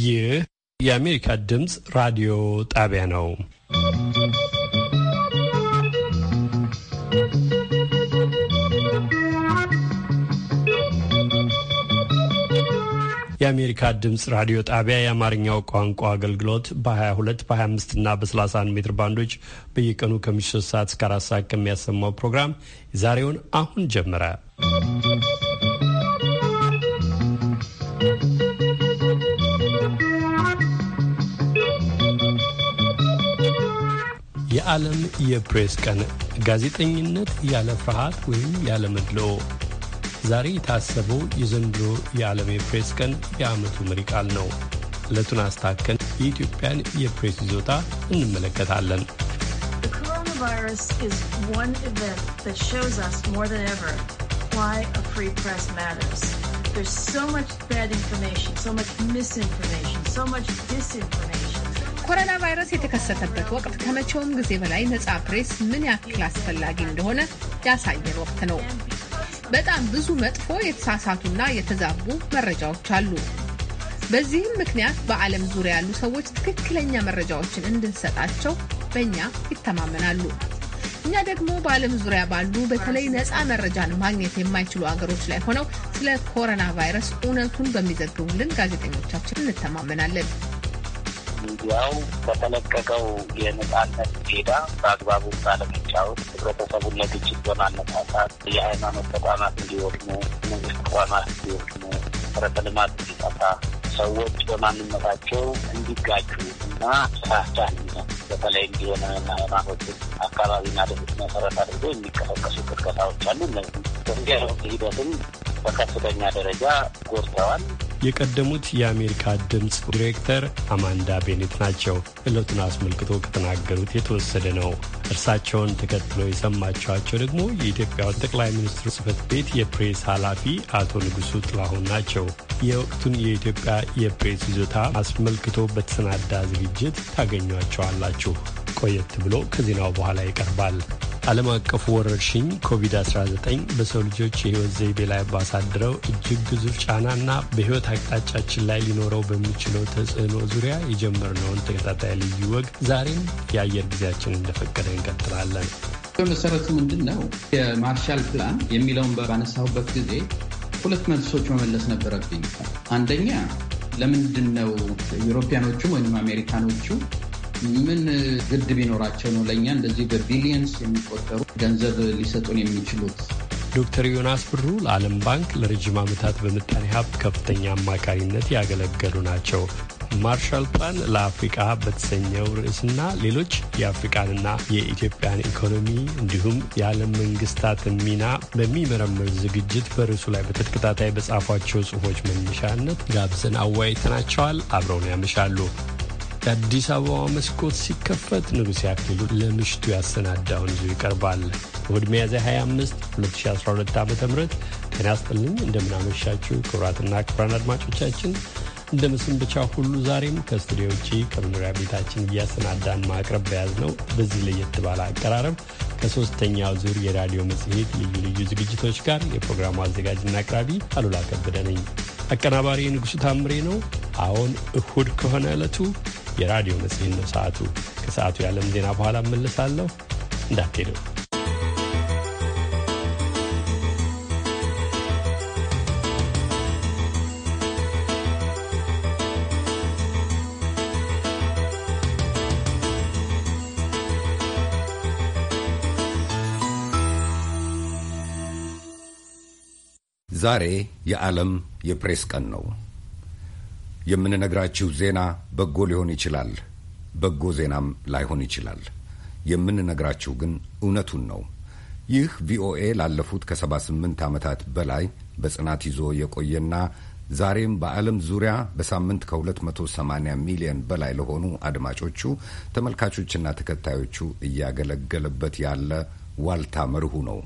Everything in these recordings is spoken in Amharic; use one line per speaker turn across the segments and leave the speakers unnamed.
ይህ የአሜሪካ ድምፅ ራዲዮ ጣቢያ ነው። የአሜሪካ ድምፅ ራዲዮ ጣቢያ የአማርኛው ቋንቋ አገልግሎት በ22 በ25 እና በ31 ሜትር ባንዶች በየቀኑ ከምሽቱ 3 ሰዓት እስከ አራት ሰዓት ከሚያሰማው ፕሮግራም ዛሬውን አሁን ጀመረ። የዓለም የፕሬስ ቀን ጋዜጠኝነት ያለ ፍርሃት ወይም ያለ መድልኦ ዛሬ የታሰበው የዘንድሮ የዓለም የፕሬስ ቀን የዓመቱ መሪ ቃል ነው። ዕለቱን አስታከን የኢትዮጵያን የፕሬስ ይዞታ እንመለከታለን።
There's so much bad information, so much misinformation, so much disinformation.
ኮሮና ቫይረስ የተከሰተበት ወቅት ከመቼውም ጊዜ በላይ ነጻ ፕሬስ ምን ያክል አስፈላጊ እንደሆነ ያሳየን ወቅት ነው። በጣም ብዙ መጥፎ የተሳሳቱና የተዛቡ መረጃዎች አሉ። በዚህም ምክንያት በዓለም ዙሪያ ያሉ ሰዎች ትክክለኛ መረጃዎችን እንድንሰጣቸው በእኛ ይተማመናሉ። እኛ ደግሞ በዓለም ዙሪያ ባሉ በተለይ ነፃ መረጃን ማግኘት የማይችሉ አገሮች ላይ ሆነው ስለ ኮሮና ቫይረስ እውነቱን በሚዘግቡልን ጋዜጠኞቻችን እንተማመናለን።
ሚዲያው በተለቀቀው የነጻነት ሜዳ በአግባቡ ባለመጫወት ህብረተሰቡን ለግጭት በማነሳሳት የሃይማኖት ተቋማት እንዲወድሙ፣ መንግስት ተቋማት እንዲወድሙ፣ መሰረተ ልማት እንዲጠፋ፣ ሰዎች በማንነታቸው እንዲጋጩ እና ሳቻን በተለይ እንዲሆነ ሃይማኖት አካባቢና ድርጅት መሰረት አድርጎ የሚቀሰቀሱ ቅስቀሳዎች አሉ። እነዚህ ሂደትም በከፍተኛ ደረጃ ጎድተዋል።
የቀደሙት የአሜሪካ ድምፅ ዲሬክተር አማንዳ ቤኔት ናቸው። ዕለቱን አስመልክቶ ከተናገሩት የተወሰደ ነው። እርሳቸውን ተከትለው የሰማችኋቸው ደግሞ የኢትዮጵያ ጠቅላይ ሚኒስትር ጽህፈት ቤት የፕሬስ ኃላፊ አቶ ንጉሱ ጥላሁን ናቸው። የወቅቱን የኢትዮጵያ የፕሬስ ይዞታ አስመልክቶ በተሰናዳ ዝግጅት ታገኟቸዋላችሁ። ቆየት ብሎ ከዜናው በኋላ ይቀርባል። ዓለም አቀፉ ወረርሽኝ ኮቪድ-19 በሰው ልጆች የህይወት ዘይቤ ላይ ባሳድረው እጅግ ግዙፍ ጫናና በህይወት አቅጣጫችን ላይ ሊኖረው በሚችለው ተጽዕኖ ዙሪያ የጀመርነውን ተከታታይ ልዩ ወግ ዛሬም የአየር ጊዜያችን እንደፈቀደ
እንቀጥላለን። በመሰረቱ ምንድን ነው የማርሻል ፕላን የሚለውን ባነሳሁበት ጊዜ ሁለት መልሶች መመለስ ነበረብኝ። አንደኛ ለምንድን ነው ዩሮፒያኖቹም ወይም አሜሪካኖቹ ምን ግድ ቢኖራቸው ነው ለእኛ እንደዚህ በቢሊየንስ የሚቆጠሩ ገንዘብ ሊሰጡን የሚችሉት? ዶክተር ዮናስ ብሩ
ለዓለም ባንክ ለረጅም ዓመታት በምጣኔ ሀብት ከፍተኛ አማካሪነት ያገለገሉ ናቸው። ማርሻል ፕላን ለአፍሪቃ በተሰኘው ርዕስና ሌሎች የአፍሪቃንና የኢትዮጵያን ኢኮኖሚ እንዲሁም የዓለም መንግስታትን ሚና በሚመረምር ዝግጅት በርዕሱ ላይ በተከታታይ በጻፏቸው ጽሑፎች መነሻነት ጋብዘን አወያይተናቸዋል። አብረውን ያመሻሉ። የአዲስ አበባ መስኮት ሲከፈት ንጉሴ አክሊሉ ለምሽቱ ያሰናዳውን ይዞ ይቀርባል። እሁድ ሚያዝያ 25 2012 ዓ ም ጤና ይስጥልኝ። እንደምናመሻችሁ ክቡራትና ክቡራን አድማጮቻችን እንደ ብቻ ሁሉ ዛሬም ከስቱዲዮ ውጪ ከመኖሪያ ቤታችን እያሰናዳን ማቅረብ ነው። በዚህ ለየት ባለ አቀራረብ ከሶስተኛው ዙር የራዲዮ መጽሔት ልዩ ልዩ ዝግጅቶች ጋር የፕሮግራሙ አዘጋጅና አቅራቢ አሉላ ከበደ ነኝ። አቀናባሪ ንጉሱ ታምሬ ነው። አሁን እሁድ ከሆነ ዕለቱ የራዲዮ መጽሔት ነው ሰዓቱ። ከሰዓቱ የዓለም ዜና በኋላ እመልሳለሁ፣ እንዳትሄዱ።
ዛሬ የዓለም የፕሬስ ቀን ነው። የምንነግራችሁ ዜና በጎ ሊሆን ይችላል፣ በጎ ዜናም ላይሆን ይችላል። የምንነግራችሁ ግን እውነቱን ነው። ይህ ቪኦኤ ላለፉት ከሰባ 78 ዓመታት በላይ በጽናት ይዞ የቆየና ዛሬም በዓለም ዙሪያ በሳምንት ከ280 ሚሊዮን በላይ ለሆኑ አድማጮቹ ተመልካቾችና ተከታዮቹ እያገለገለበት ያለ ዋልታ መርሁ ነው።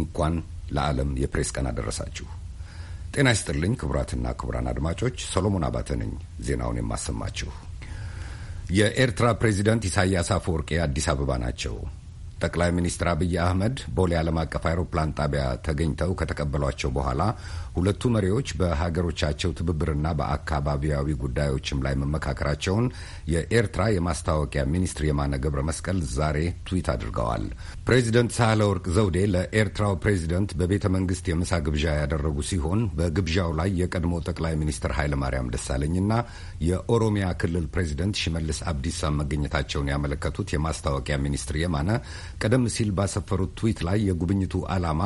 እንኳን ለዓለም የፕሬስ ቀን አደረሳችሁ። ጤና ይስጥልኝ ክቡራትና ክቡራን አድማጮች፣ ሰሎሞን አባተ ነኝ። ዜናውን የማሰማችሁ የኤርትራ ፕሬዚደንት ኢሳያስ አፈወርቄ አዲስ አበባ ናቸው። ጠቅላይ ሚኒስትር አብይ አህመድ ቦሌ ዓለም አቀፍ አውሮፕላን ጣቢያ ተገኝተው ከተቀበሏቸው በኋላ ሁለቱ መሪዎች በሀገሮቻቸው ትብብርና በአካባቢያዊ ጉዳዮችም ላይ መመካከራቸውን የኤርትራ የማስታወቂያ ሚኒስትር የማነ ገብረ መስቀል ዛሬ ትዊት አድርገዋል። ፕሬዚደንት ሳህለ ወርቅ ዘውዴ ለኤርትራው ፕሬዚደንት በቤተ መንግስት የምሳ ግብዣ ያደረጉ ሲሆን በግብዣው ላይ የቀድሞ ጠቅላይ ሚኒስትር ኃይለማርያም ደሳለኝና የኦሮሚያ ክልል ፕሬዚደንት ሽመልስ አብዲሳ መገኘታቸውን ያመለከቱት የማስታወቂያ ሚኒስትር የማነ ቀደም ሲል ባሰፈሩት ትዊት ላይ የጉብኝቱ ዓላማ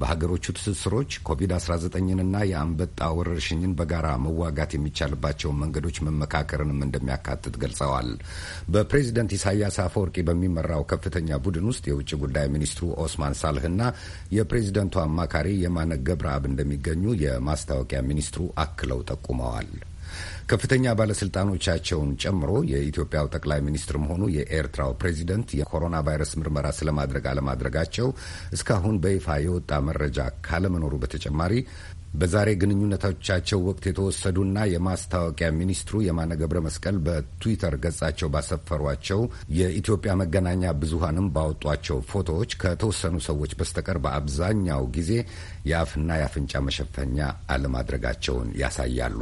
በሀገሮቹ ትስስሮች ኮቪድ-19ንና የአንበጣ ወረርሽኝን በጋራ መዋጋት የሚቻልባቸውን መንገዶች መመካከርንም እንደሚያካትት ገልጸዋል። በፕሬዚደንት ኢሳያስ አፈወርቂ በሚመራው ከፍተኛ ቡድን ውስጥ የውጭ ጉዳይ ሚኒስትሩ ኦስማን ሳልህና የፕሬዚደንቱ አማካሪ የማነ ገብረአብ እንደሚገኙ የማስታወቂያ ሚኒስትሩ አክለው ጠቁመዋል። ከፍተኛ ባለስልጣኖቻቸውን ጨምሮ የኢትዮጵያው ጠቅላይ ሚኒስትርም ሆኑ የኤርትራው ፕሬዚደንት የኮሮና ቫይረስ ምርመራ ስለማድረግ አለማድረጋቸው እስካሁን በይፋ የወጣ መረጃ ካለመኖሩ በተጨማሪ በዛሬ ግንኙነቶቻቸው ወቅት የተወሰዱና የማስታወቂያ ሚኒስትሩ የማነ ገብረ መስቀል በትዊተር ገጻቸው ባሰፈሯቸው የኢትዮጵያ መገናኛ ብዙሀንም ባወጧቸው ፎቶዎች ከተወሰኑ ሰዎች በስተቀር በአብዛኛው ጊዜ የአፍና የአፍንጫ መሸፈኛ አለማድረጋቸውን ያሳያሉ።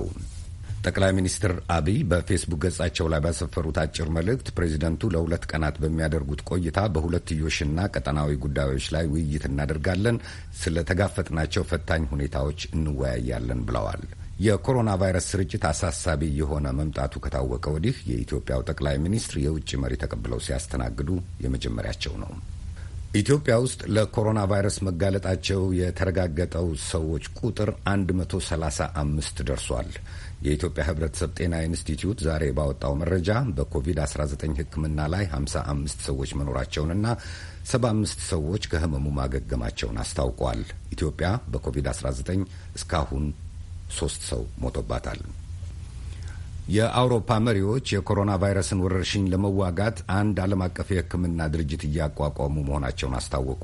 ጠቅላይ ሚኒስትር አብይ በፌስቡክ ገጻቸው ላይ ባሰፈሩት አጭር መልእክት ፕሬዚደንቱ ለሁለት ቀናት በሚያደርጉት ቆይታ በሁለትዮሽና ቀጠናዊ ጉዳዮች ላይ ውይይት እናደርጋለን፣ ስለተጋፈጥናቸው ፈታኝ ሁኔታዎች እንወያያለን ብለዋል። የኮሮና ቫይረስ ስርጭት አሳሳቢ የሆነ መምጣቱ ከታወቀ ወዲህ የኢትዮጵያው ጠቅላይ ሚኒስትር የውጭ መሪ ተቀብለው ሲያስተናግዱ የመጀመሪያቸው ነው። ኢትዮጵያ ውስጥ ለኮሮና ቫይረስ መጋለጣቸው የተረጋገጠው ሰዎች ቁጥር 135 ደርሷል። የኢትዮጵያ ሕብረተሰብ ጤና ኢንስቲትዩት ዛሬ ባወጣው መረጃ በኮቪድ-19 ሕክምና ላይ 55 ሰዎች መኖራቸውንና 75 ሰዎች ከህመሙ ማገገማቸውን አስታውቋል። ኢትዮጵያ በኮቪድ-19 እስካሁን ሶስት ሰው ሞቶባታል። የአውሮፓ መሪዎች የኮሮና ቫይረስን ወረርሽኝ ለመዋጋት አንድ ዓለም አቀፍ የህክምና ድርጅት እያቋቋሙ መሆናቸውን አስታወቁ።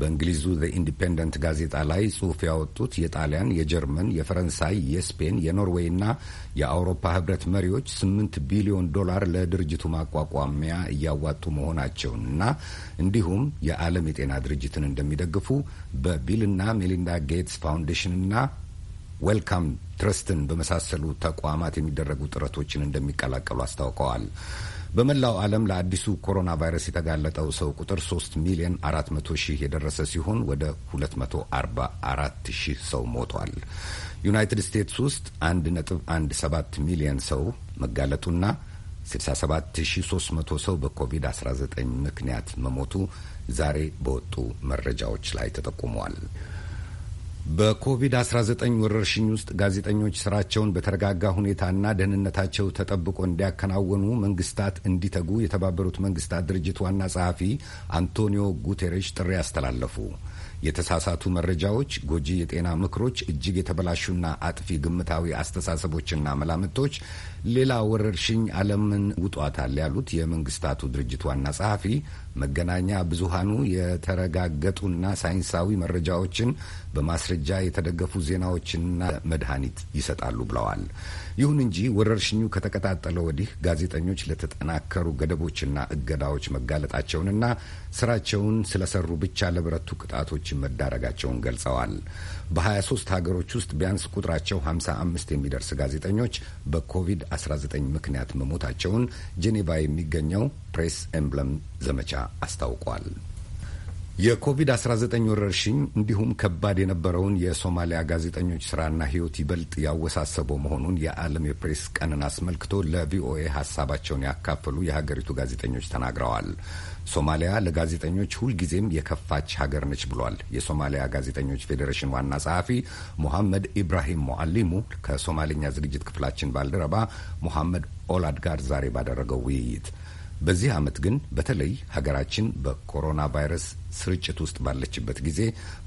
በእንግሊዙ ዘ ኢንዲፔንደንት ጋዜጣ ላይ ጽሑፍ ያወጡት የጣሊያን፣ የጀርመን፣ የፈረንሳይ፣ የስፔን፣ የኖርዌይ እና የአውሮፓ ህብረት መሪዎች ስምንት ቢሊዮን ዶላር ለድርጅቱ ማቋቋሚያ እያዋጡ መሆናቸውን እና እንዲሁም የዓለም የጤና ድርጅትን እንደሚደግፉ በቢልና ሜሊንዳ ጌትስ ፋውንዴሽን እና ዌልካም ትረስትን በመሳሰሉ ተቋማት የሚደረጉ ጥረቶችን እንደሚቀላቀሉ አስታውቀዋል። በመላው ዓለም ለአዲሱ ኮሮና ቫይረስ የተጋለጠው ሰው ቁጥር 3 ሚሊዮን 400 ሺህ የደረሰ ሲሆን ወደ 244 ሺህ ሰው ሞቷል። ዩናይትድ ስቴትስ ውስጥ 1.17 ሚሊዮን ሰው መጋለጡና 67300 ሰው በኮቪድ-19 ምክንያት መሞቱ ዛሬ በወጡ መረጃዎች ላይ ተጠቁመዋል። በኮቪድ-19 ወረርሽኝ ውስጥ ጋዜጠኞች ስራቸውን በተረጋጋ ሁኔታና ደህንነታቸው ተጠብቆ እንዲያከናወኑ መንግስታት እንዲተጉ የተባበሩት መንግስታት ድርጅት ዋና ጸሐፊ አንቶኒዮ ጉቴሬሽ ጥሪ አስተላለፉ። የተሳሳቱ መረጃዎች፣ ጎጂ የጤና ምክሮች፣ እጅግ የተበላሹና አጥፊ ግምታዊ አስተሳሰቦችና መላምቶች ሌላ ወረርሽኝ ዓለምን ውጧታል ያሉት የመንግስታቱ ድርጅት ዋና ጸሐፊ መገናኛ ብዙሃኑ የተረጋገጡና ሳይንሳዊ መረጃዎችን በማስረጃ የተደገፉ ዜናዎችንና መድኃኒት ይሰጣሉ ብለዋል። ይሁን እንጂ ወረርሽኙ ከተቀጣጠለ ወዲህ ጋዜጠኞች ለተጠናከሩ ገደቦችና እገዳዎች መጋለጣቸውንና ስራቸውን ስለሰሩ ብቻ ለብረቱ ቅጣቶች መዳረጋቸውን ገልጸዋል። በ23 ሀገሮች ውስጥ ቢያንስ ቁጥራቸው 55 የሚደርስ ጋዜጠኞች በኮቪድ-19 ምክንያት መሞታቸውን ጄኔቫ የሚገኘው ፕሬስ ኤምብለም ዘመቻ አስታውቋል። የኮቪድ-19 ወረርሽኝ እንዲሁም ከባድ የነበረውን የሶማሊያ ጋዜጠኞች ስራና ሕይወት ይበልጥ ያወሳሰበው መሆኑን የዓለም የፕሬስ ቀንን አስመልክቶ ለቪኦኤ ሀሳባቸውን ያካፈሉ የሀገሪቱ ጋዜጠኞች ተናግረዋል። ሶማሊያ ለጋዜጠኞች ሁልጊዜም የከፋች ሀገር ነች ብሏል። የሶማሊያ ጋዜጠኞች ፌዴሬሽን ዋና ጸሐፊ ሙሐመድ ኢብራሂም ሞአሊሙ ከሶማሌኛ ዝግጅት ክፍላችን ባልደረባ ሙሐመድ ኦላድ ጋር ዛሬ ባደረገው ውይይት በዚህ ዓመት ግን በተለይ ሀገራችን በኮሮና ቫይረስ ስርጭት ውስጥ ባለችበት ጊዜ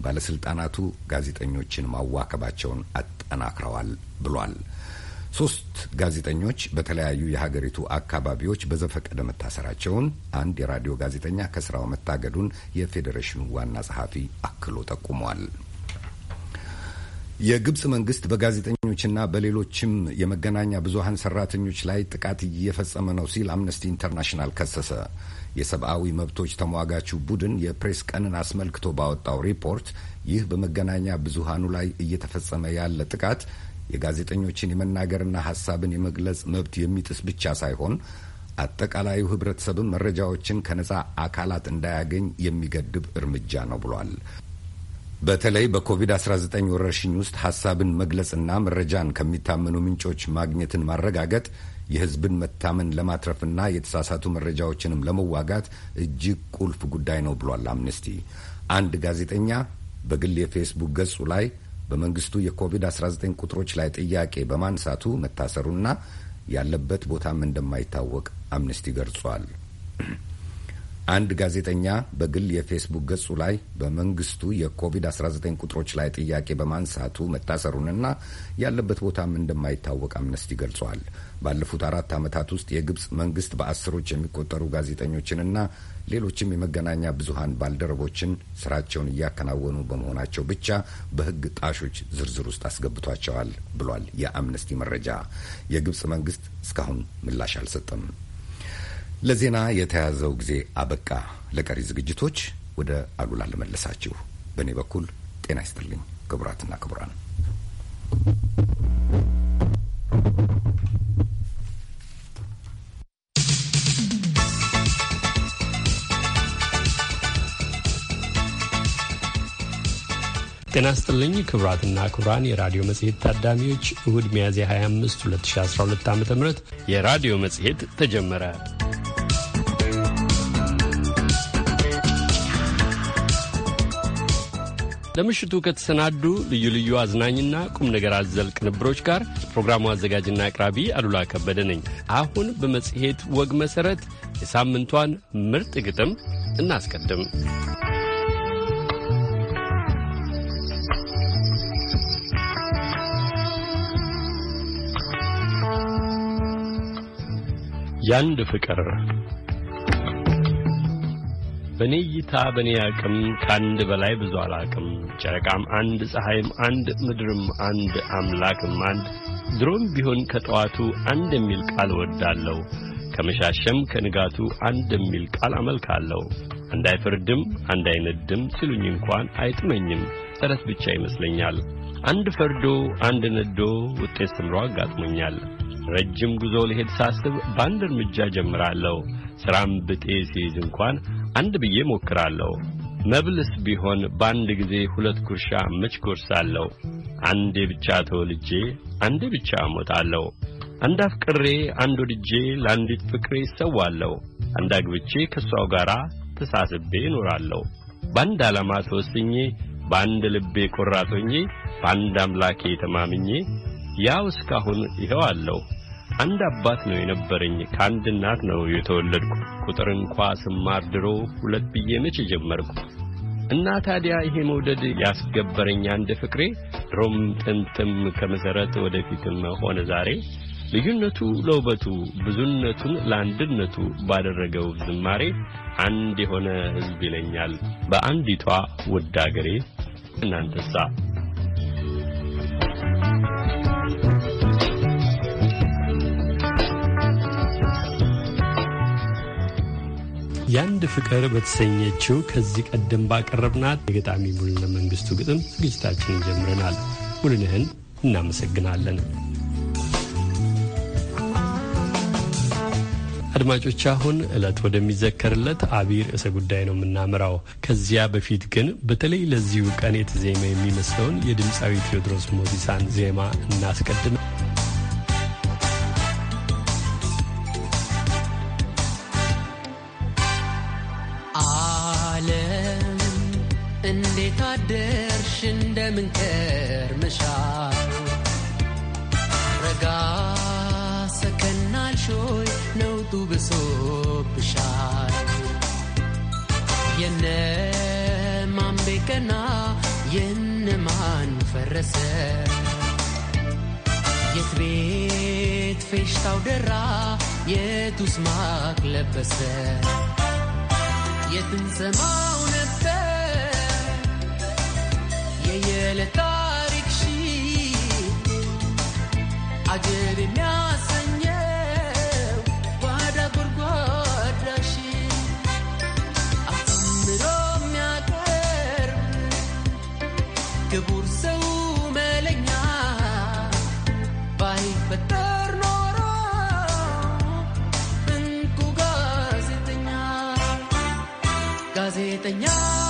ባለስልጣናቱ ጋዜጠኞችን ማዋከባቸውን አጠናክረዋል ብሏል። ሶስት ጋዜጠኞች በተለያዩ የሀገሪቱ አካባቢዎች በዘፈቀደ መታሰራቸውን፣ አንድ የራዲዮ ጋዜጠኛ ከስራው መታገዱን የፌዴሬሽኑ ዋና ጸሐፊ አክሎ ጠቁሟል። የግብፅ መንግስት በጋዜጠኞችና በሌሎችም የመገናኛ ብዙሀን ሰራተኞች ላይ ጥቃት እየፈጸመ ነው ሲል አምነስቲ ኢንተርናሽናል ከሰሰ። የሰብአዊ መብቶች ተሟጋቹ ቡድን የፕሬስ ቀንን አስመልክቶ ባወጣው ሪፖርት ይህ በመገናኛ ብዙሃኑ ላይ እየተፈጸመ ያለ ጥቃት የጋዜጠኞችን የመናገርና ሀሳብን የመግለጽ መብት የሚጥስ ብቻ ሳይሆን አጠቃላዩ ህብረተሰብም መረጃዎችን ከነጻ አካላት እንዳያገኝ የሚገድብ እርምጃ ነው ብሏል። በተለይ በኮቪድ-19 ወረርሽኝ ውስጥ ሀሳብን መግለጽና መረጃን ከሚታመኑ ምንጮች ማግኘትን ማረጋገጥ የህዝብን መታመን ለማትረፍና የተሳሳቱ መረጃዎችንም ለመዋጋት እጅግ ቁልፍ ጉዳይ ነው ብሏል አምነስቲ። አንድ ጋዜጠኛ በግል የፌስቡክ ገጹ ላይ በመንግስቱ የኮቪድ-19 ቁጥሮች ላይ ጥያቄ በማንሳቱ መታሰሩና ያለበት ቦታም እንደማይታወቅ አምነስቲ ገልጿል። አንድ ጋዜጠኛ በግል የፌስቡክ ገጹ ላይ በመንግስቱ የኮቪድ-19 ቁጥሮች ላይ ጥያቄ በማንሳቱ መታሰሩንና ያለበት ቦታም እንደማይታወቅ አምነስቲ ገልጿል። ባለፉት አራት ዓመታት ውስጥ የግብፅ መንግስት በአስሮች የሚቆጠሩ ጋዜጠኞችንና ሌሎችም የመገናኛ ብዙሃን ባልደረቦችን ስራቸውን እያከናወኑ በመሆናቸው ብቻ በህግ ጣሾች ዝርዝር ውስጥ አስገብቷቸዋል ብሏል የአምነስቲ መረጃ። የግብጽ መንግስት እስካሁን ምላሽ አልሰጠም። ለዜና የተያዘው ጊዜ አበቃ። ለቀሪ ዝግጅቶች ወደ አሉላ ልመለሳችሁ። በእኔ በኩል ጤና ይስጥልኝ ክቡራትና ክቡራን።
ጤና ስጥልኝ ክቡራትና ክቡራን የራዲዮ መጽሔት ታዳሚዎች እሁድ ሚያዝያ 25 2012 ዓ ም የራዲዮ መጽሔት ተጀመረ። ለምሽቱ ከተሰናዱ ልዩ ልዩ አዝናኝና ቁም ነገር አዘል ቅንብሮች ጋር ፕሮግራሙ አዘጋጅና አቅራቢ አሉላ ከበደ ነኝ። አሁን በመጽሔት ወግ መሠረት የሳምንቷን ምርጥ ግጥም እናስቀድም። ያንድ ፍቅር በኔ እይታ በኔ አቅም ከአንድ በላይ ብዙ አላቅም ጨረቃም አንድ ፀሐይም አንድ ምድርም አንድ አምላክም አንድ ድሮም ቢሆን ከጠዋቱ አንድ የሚል ቃል እወዳለሁ ከመሻሸም ከንጋቱ አንድ የሚል ቃል አመልካለሁ እንዳይፈርድም አንዳይነድም ሲሉኝ እንኳን አይጥመኝም ተረት ብቻ ይመስለኛል አንድ ፈርዶ አንድ ነዶ ውጤት ስምሮ አጋጥሞኛል ረጅም ጉዞ ልሄድ ሳስብ በአንድ እርምጃ ጀምራለሁ። ሥራም ብጤ ሲይዝ እንኳን አንድ ብዬ ሞክራለሁ። መብልስ ቢሆን በአንድ ጊዜ ሁለት ጉርሻ መች ጎርሳለሁ? አንዴ ብቻ ተወልጄ አንዴ ብቻ እሞታለሁ። አንድ አፍቅሬ አንድ ወድጄ ለአንዲት ፍቅሬ ይሰዋለሁ። አንድ አግብቼ ከእሷው ጋር ተሳስቤ እኖራለሁ። በአንድ ዓላማ ተወስኜ፣ በአንድ ልቤ ቆራጦኜ፣ በአንድ አምላኬ ተማምኜ ያው እስካሁን ይኸው አለሁ። አንድ አባት ነው የነበረኝ፣ ከአንድ እናት ነው የተወለድኩ። ቁጥር እንኳ ስማር ድሮ ሁለት ብዬ መቼ ጀመርኩ እና ታዲያ ይሄ መውደድ ያስገበረኝ አንድ ፍቅሬ ድሮም ጥንትም ከመሠረት ወደፊትም ሆነ ዛሬ ልዩነቱ ለውበቱ ብዙነቱን ለአንድነቱ ባደረገው ዝማሬ አንድ የሆነ ሕዝብ ይለኛል በአንዲቷ ውድ አገሬ። እናንተሳ ያንድ ፍቅር በተሰኘችው ከዚህ ቀደም ባቀረብናት የገጣሚ ሙሉነህ መንግስቱ ግጥም ዝግጅታችንን ጀምረናል። ሙሉነህን እናመሰግናለን። አድማጮች አሁን ዕለት ወደሚዘከርለት አብይ ርዕሰ ጉዳይ ነው የምናምራው። ከዚያ በፊት ግን በተለይ ለዚሁ ቀን የተዜመ የሚመስለውን የድምፃዊ ቴዎድሮስ ሞዚሳን ዜማ እናስቀድመ
ደረሰ የት ቤት ፌሽታው ደራ የቱስ ማቅ ለበሰ የትንሰማው ነበር የየለ ታሪክ ሺ አጀብ የሚያ montaña.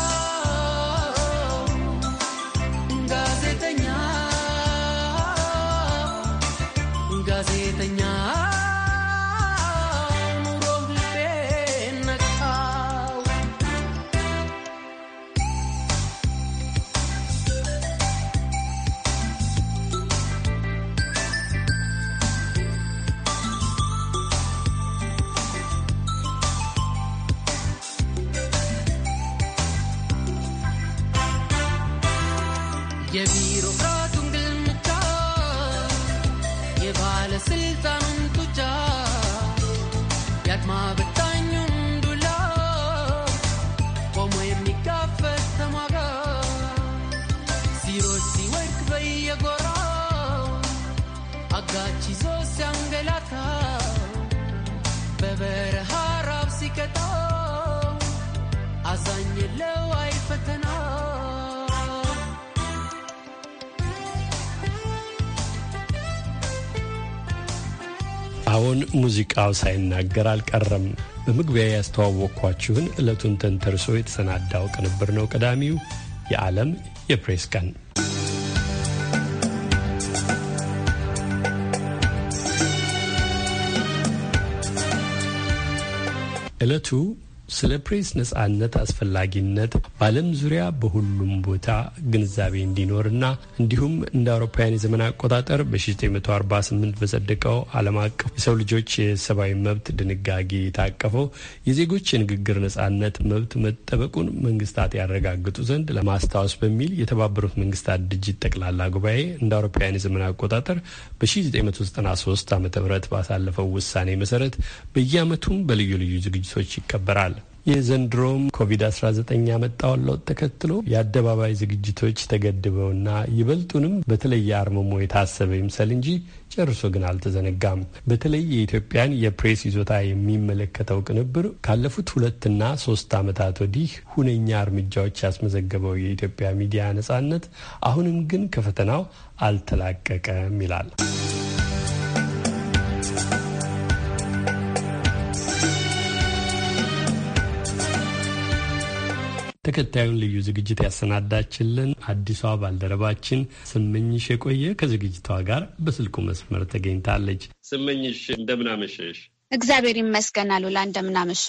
ሳይናገር አልቀረም። በመግቢያ ያስተዋወቅኳችሁን ዕለቱን ተንተርሶ የተሰናዳው ቅንብር ነው። ቀዳሚው የዓለም የፕሬስ ቀን ዕለቱ ስለ ፕሬስ ነጻነት አስፈላጊነት በዓለም ዙሪያ በሁሉም ቦታ ግንዛቤ እንዲኖርና እንዲሁም እንደ አውሮፓውያን የዘመን አቆጣጠር በ1948 በጸደቀው ዓለም አቀፍ የሰው ልጆች የሰብአዊ መብት ድንጋጌ የታቀፈው የዜጎች የንግግር ነጻነት መብት መጠበቁን መንግስታት ያረጋግጡ ዘንድ ለማስታወስ በሚል የተባበሩት መንግስታት ድርጅት ጠቅላላ ጉባኤ እንደ አውሮፓውያን የዘመን አቆጣጠር በ1993 ዓ ም ባሳለፈው ውሳኔ መሰረት በየአመቱም በልዩ ልዩ ዝግጅቶች ይከበራል። የዘንድሮም ኮቪድ-19 ያመጣውን ለውጥ ተከትሎ የአደባባይ ዝግጅቶች ተገድበውና ይበልጡንም በተለየ አርምሞ የታሰበ ይምሰል እንጂ ጨርሶ ግን አልተዘነጋም። በተለይ የኢትዮጵያን የፕሬስ ይዞታ የሚመለከተው ቅንብር ካለፉት ሁለትና ሶስት ዓመታት ወዲህ ሁነኛ እርምጃዎች ያስመዘገበው የኢትዮጵያ ሚዲያ ነጻነት አሁንም ግን ከፈተናው አልተላቀቀም ይላል። ተከታዩን ልዩ ዝግጅት ያሰናዳችልን አዲሷ ባልደረባችን ስመኝሽ የቆየ ከዝግጅቷ ጋር በስልኩ መስመር ተገኝታለች። ስመኝሽ እንደምናመሸሽ።
እግዚአብሔር ይመስገን አሉላ፣ እንደምናመሸ።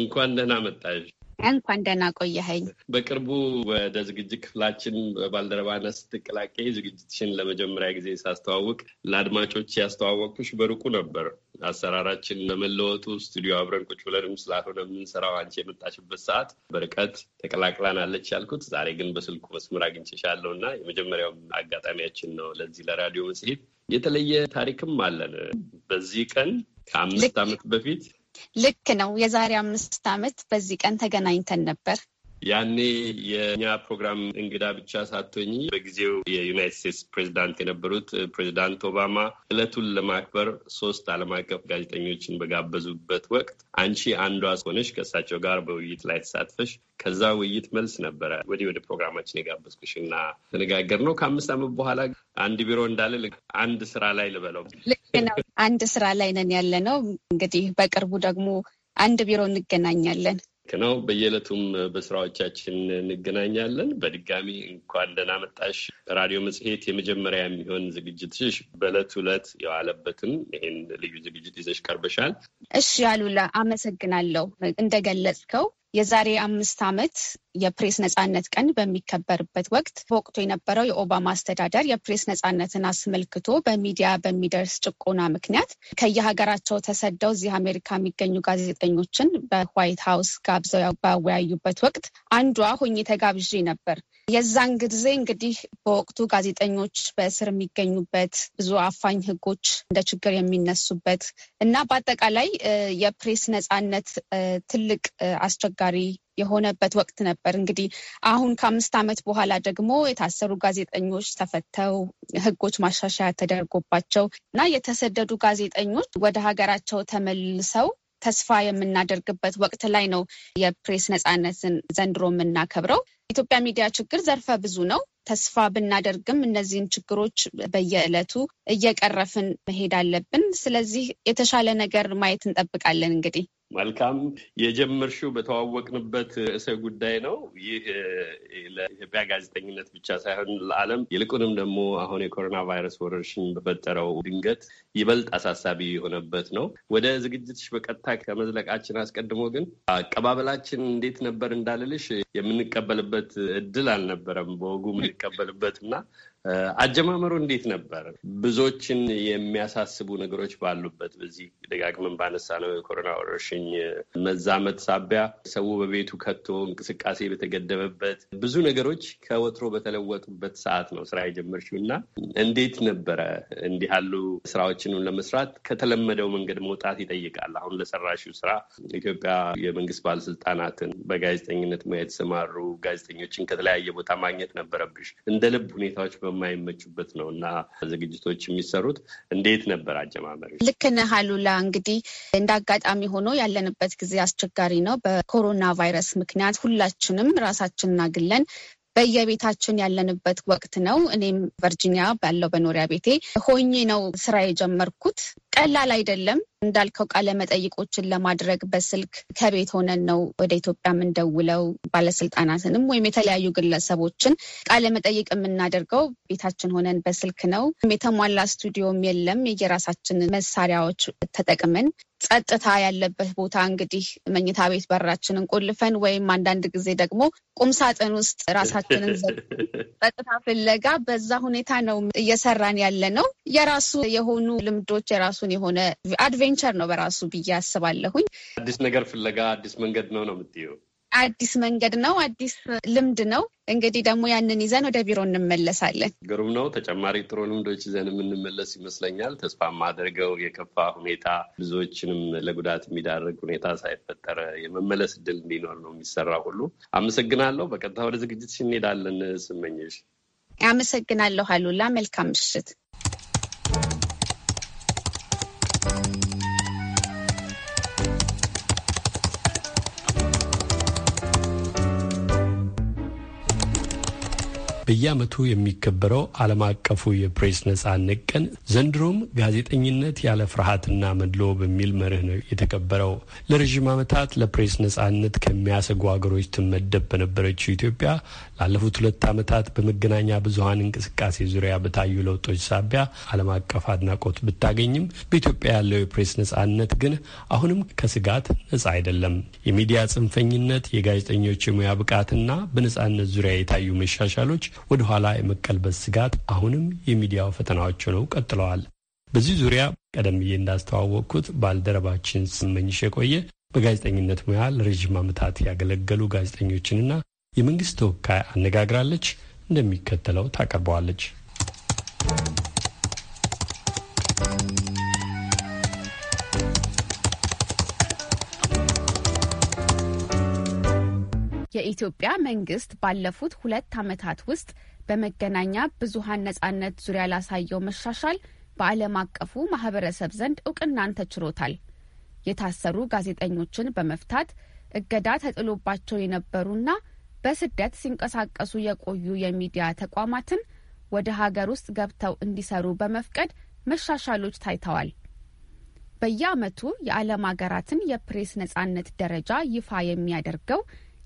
እንኳን ደህና መጣሽ።
እንኳን ደህና ቆየኸኝ።
በቅርቡ ወደ ዝግጅት ክፍላችን ባልደረባነት ስትቀላቀይ ዝግጅትሽን ለመጀመሪያ ጊዜ ሳስተዋውቅ ለአድማጮች ያስተዋወቅኩሽ በሩቁ ነበር። አሰራራችን ለመለወጡ ስቱዲዮ አብረን ቁጭ ብለንም ስላልሆነ የምንሰራው አንቺ የመጣሽበት ሰዓት በርቀት ተቀላቅላናለች ያልኩት፣ ዛሬ ግን በስልኩ መስመር አግኝቼሻለሁ እና የመጀመሪያው አጋጣሚያችን ነው። ለዚህ ለራዲዮ መጽሔት የተለየ ታሪክም አለን። በዚህ ቀን ከአምስት ዓመት በፊት
ልክ ነው። የዛሬ አምስት ዓመት በዚህ ቀን ተገናኝተን ነበር።
ያኔ የኛ ፕሮግራም እንግዳ ብቻ ሳቶኝ በጊዜው የዩናይት ስቴትስ ፕሬዚዳንት የነበሩት ፕሬዚዳንት ኦባማ እለቱን ለማክበር ሶስት ዓለም አቀፍ ጋዜጠኞችን በጋበዙበት ወቅት አንቺ አንዷ ሆነሽ ከእሳቸው ጋር በውይይት ላይ ተሳትፈሽ ከዛ ውይይት መልስ ነበረ ወዲህ ወደ ፕሮግራማችን የጋበዝኩሽ እና ተነጋገር ነው። ከአምስት ዓመት በኋላ አንድ ቢሮ እንዳለ አንድ ስራ ላይ ልበለው
አንድ ስራ ላይ ነን ያለ ነው። እንግዲህ በቅርቡ ደግሞ አንድ ቢሮ እንገናኛለን።
ነው። በየዕለቱም በስራዎቻችን እንገናኛለን። በድጋሚ እንኳን ደህና መጣሽ። ራዲዮ መጽሔት የመጀመሪያ የሚሆን ዝግጅትሽ በዕለት ዕለት የዋለበትን ይህን ልዩ ዝግጅት ይዘሽ ቀርበሻል።
እሺ አሉላ፣ አመሰግናለሁ። እንደገለጽከው የዛሬ አምስት ዓመት የፕሬስ ነጻነት ቀን በሚከበርበት ወቅት በወቅቱ የነበረው የኦባማ አስተዳደር የፕሬስ ነጻነትን አስመልክቶ በሚዲያ በሚደርስ ጭቆና ምክንያት ከየሀገራቸው ተሰደው እዚህ አሜሪካ የሚገኙ ጋዜጠኞችን በዋይት ሀውስ ጋብዘው ባወያዩበት ወቅት አንዷ ሆኜ ተጋብዤ ነበር። የዛን ጊዜ እንግዲህ በወቅቱ ጋዜጠኞች በእስር የሚገኙበት ብዙ አፋኝ ህጎች እንደ ችግር የሚነሱበት እና በአጠቃላይ የፕሬስ ነጻነት ትልቅ አስቸጋሪ የሆነበት ወቅት ነበር። እንግዲህ አሁን ከአምስት ዓመት በኋላ ደግሞ የታሰሩ ጋዜጠኞች ተፈተው ህጎች ማሻሻያ ተደርጎባቸው እና የተሰደዱ ጋዜጠኞች ወደ ሀገራቸው ተመልሰው ተስፋ የምናደርግበት ወቅት ላይ ነው የፕሬስ ነፃነትን ዘንድሮ የምናከብረው። ኢትዮጵያ ሚዲያ ችግር ዘርፈ ብዙ ነው። ተስፋ ብናደርግም እነዚህን ችግሮች በየዕለቱ እየቀረፍን መሄድ አለብን። ስለዚህ የተሻለ ነገር ማየት እንጠብቃለን እንግዲህ
መልካም የጀመርሽው በተዋወቅንበት ርዕሰ ጉዳይ ነው። ይህ ለኢትዮጵያ ጋዜጠኝነት ብቻ ሳይሆን ለዓለም ይልቁንም ደግሞ አሁን የኮሮና ቫይረስ ወረርሽኝ በፈጠረው ድንገት ይበልጥ አሳሳቢ የሆነበት ነው። ወደ ዝግጅትሽ በቀጥታ ከመዝለቃችን አስቀድሞ ግን አቀባበላችን እንዴት ነበር እንዳልልሽ የምንቀበልበት እድል አልነበረም በወጉ የምንቀበልበት እና አጀማመሩ እንዴት ነበር? ብዙዎችን የሚያሳስቡ ነገሮች ባሉበት በዚህ ደጋግመን ባነሳ ነው የኮሮና ወረርሽኝ መዛመት ሳቢያ ሰው በቤቱ ከቶ እንቅስቃሴ በተገደበበት ብዙ ነገሮች ከወትሮ በተለወጡበት ሰዓት ነው ስራ የጀመርሽው እና እንዴት ነበረ? እንዲህ ያሉ ስራዎችን ለመስራት ከተለመደው መንገድ መውጣት ይጠይቃል። አሁን ለሰራሽው ስራ ኢትዮጵያ የመንግስት ባለስልጣናትን በጋዜጠኝነት ሙያ የተሰማሩ ጋዜጠኞችን ከተለያየ ቦታ ማግኘት ነበረብሽ። እንደ ልብ ሁኔታዎች በማይመቹበት ነው እና ዝግጅቶች የሚሰሩት። እንዴት ነበር አጀማመር?
ልክ ነህ አሉላ። እንግዲህ እንደ አጋጣሚ ሆኖ ያለንበት ጊዜ አስቸጋሪ ነው። በኮሮና ቫይረስ ምክንያት ሁላችንም ራሳችንን አግለን በየቤታችን ያለንበት ወቅት ነው። እኔም ቨርጂኒያ ባለው በኖሪያ ቤቴ ሆኜ ነው ስራ የጀመርኩት። ቀላል አይደለም። እንዳልከው ቃለ መጠይቆችን ለማድረግ በስልክ ከቤት ሆነን ነው ወደ ኢትዮጵያ የምንደውለው። ባለስልጣናትንም ወይም የተለያዩ ግለሰቦችን ቃለ መጠይቅ የምናደርገው ቤታችን ሆነን በስልክ ነው። የተሟላ ስቱዲዮም የለም። የየራሳችንን መሳሪያዎች ተጠቅመን ጸጥታ ያለበት ቦታ እንግዲህ መኝታ ቤት በራችንን ቆልፈን ወይም አንዳንድ ጊዜ ደግሞ ቁም ሳጥን ውስጥ ራሳችንን ጸጥታ ፍለጋ በዛ ሁኔታ ነው እየሰራን ያለ ነው። የራሱ የሆኑ ልምዶች የራሱን የሆነ አድቬ አድቬንቸር ነው በራሱ ብዬ አስባለሁኝ።
አዲስ ነገር ፍለጋ አዲስ መንገድ ነው ነው የምትይው?
አዲስ መንገድ ነው፣ አዲስ ልምድ ነው። እንግዲህ ደግሞ ያንን ይዘን ወደ ቢሮ እንመለሳለን።
ግሩም ነው። ተጨማሪ ጥሩ ልምዶች ይዘን የምንመለስ ይመስለኛል። ተስፋ ማደርገው የከፋ ሁኔታ ብዙዎችንም ለጉዳት የሚዳርግ ሁኔታ ሳይፈጠረ የመመለስ እድል እንዲኖር ነው የሚሰራ ሁሉ። አመሰግናለሁ። በቀጥታ ወደ ዝግጅት እንሄዳለን። ስመኝሽ
አመሰግናለሁ። አሉላ መልካም ምሽት።
በየዓመቱ የሚከበረው ዓለም አቀፉ የፕሬስ ነጻነት ቀን ዘንድሮም ጋዜጠኝነት ያለ ፍርሃትና መድሎ በሚል መርህ ነው የተከበረው። ለረዥም ዓመታት ለፕሬስ ነጻነት ከሚያሰጉ ሀገሮች ትመደብ በነበረችው ኢትዮጵያ ላለፉት ሁለት ዓመታት በመገናኛ ብዙሀን እንቅስቃሴ ዙሪያ በታዩ ለውጦች ሳቢያ ዓለም አቀፍ አድናቆት ብታገኝም በኢትዮጵያ ያለው የፕሬስ ነጻነት ግን አሁንም ከስጋት ነጻ አይደለም። የሚዲያ ጽንፈኝነት፣ የጋዜጠኞች የሙያ ብቃትና በነጻነት ዙሪያ የታዩ መሻሻሎች ወደኋላ የመቀልበስ ስጋት አሁንም የሚዲያው ፈተናዎች ሆነው ቀጥለዋል። በዚህ ዙሪያ ቀደም ብዬ እንዳስተዋወቅኩት ባልደረባችን ስመኝሽ የቆየ በጋዜጠኝነት ሙያ ለረዥም ዓመታት ያገለገሉ ጋዜጠኞችንና የመንግስት ተወካይ አነጋግራለች። እንደሚከተለው ታቀርበዋለች።
የኢትዮጵያ መንግስት ባለፉት ሁለት ዓመታት ውስጥ በመገናኛ ብዙሀን ነጻነት ዙሪያ ላሳየው መሻሻል በዓለም አቀፉ ማህበረሰብ ዘንድ እውቅናን ተችሮታል። የታሰሩ ጋዜጠኞችን በመፍታት እገዳ ተጥሎባቸው የነበሩና በስደት ሲንቀሳቀሱ የቆዩ የሚዲያ ተቋማትን ወደ ሀገር ውስጥ ገብተው እንዲሰሩ በመፍቀድ መሻሻሎች ታይተዋል። በየዓመቱ የዓለም ሀገራትን የፕሬስ ነጻነት ደረጃ ይፋ የሚያደርገው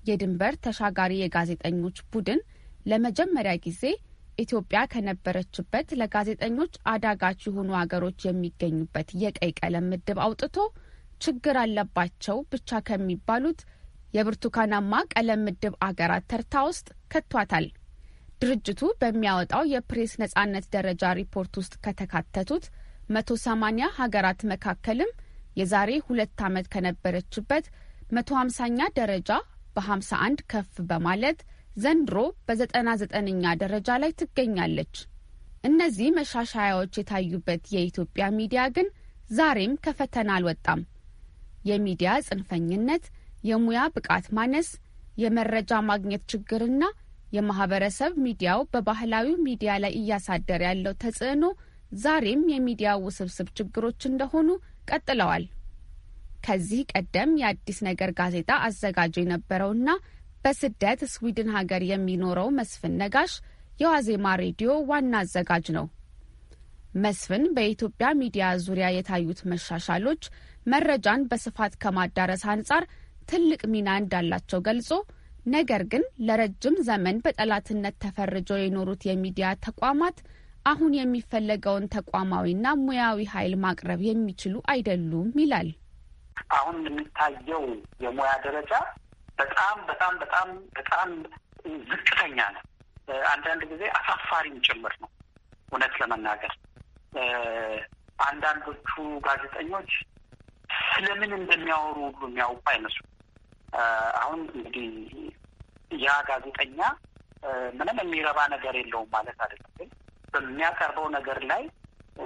የድንበር ተሻጋሪ የጋዜጠኞች ቡድን ለመጀመሪያ ጊዜ ኢትዮጵያ ከነበረችበት ለጋዜጠኞች አዳጋች የሆኑ ሀገሮች የሚገኙበት የቀይ ቀለም ምድብ አውጥቶ ችግር አለባቸው ብቻ ከሚባሉት የብርቱካናማ ቀለም ምድብ አገራት ተርታ ውስጥ ከቷታል። ድርጅቱ በሚያወጣው የፕሬስ ነጻነት ደረጃ ሪፖርት ውስጥ ከተካተቱት 180 ሀገራት መካከልም የዛሬ ሁለት ዓመት ከነበረችበት 150ኛ ደረጃ በ51 ከፍ በማለት ዘንድሮ በ99ኛ ደረጃ ላይ ትገኛለች። እነዚህ መሻሻያዎች የታዩበት የኢትዮጵያ ሚዲያ ግን ዛሬም ከፈተና አልወጣም። የሚዲያ ጽንፈኝነት የሙያ ብቃት ማነስ፣ የመረጃ ማግኘት ችግርና የማህበረሰብ ሚዲያው በባህላዊ ሚዲያ ላይ እያሳደረ ያለው ተጽዕኖ ዛሬም የሚዲያው ውስብስብ ችግሮች እንደሆኑ ቀጥለዋል። ከዚህ ቀደም የአዲስ ነገር ጋዜጣ አዘጋጁ የነበረውና በስደት ስዊድን ሀገር የሚኖረው መስፍን ነጋሽ የዋዜማ ሬዲዮ ዋና አዘጋጅ ነው። መስፍን በኢትዮጵያ ሚዲያ ዙሪያ የታዩት መሻሻሎች መረጃን በስፋት ከማዳረስ አንጻር ትልቅ ሚና እንዳላቸው ገልጾ ነገር ግን ለረጅም ዘመን በጠላትነት ተፈርጆ የኖሩት የሚዲያ ተቋማት አሁን የሚፈለገውን ተቋማዊና ሙያዊ ኃይል ማቅረብ የሚችሉ አይደሉም ይላል።
አሁን የሚታየው የሙያ ደረጃ በጣም በጣም በጣም በጣም ዝቅተኛ ነው። አንዳንድ ጊዜ አሳፋሪም ጭምር ነው። እውነት ለመናገር አንዳንዶቹ ጋዜጠኞች ስለምን እንደሚያወሩ ሁሉ የሚያውቁ አይመስሉም። አሁን እንግዲህ ያ ጋዜጠኛ ምንም የሚረባ ነገር የለውም ማለት አይደለም፣ ግን በሚያቀርበው ነገር ላይ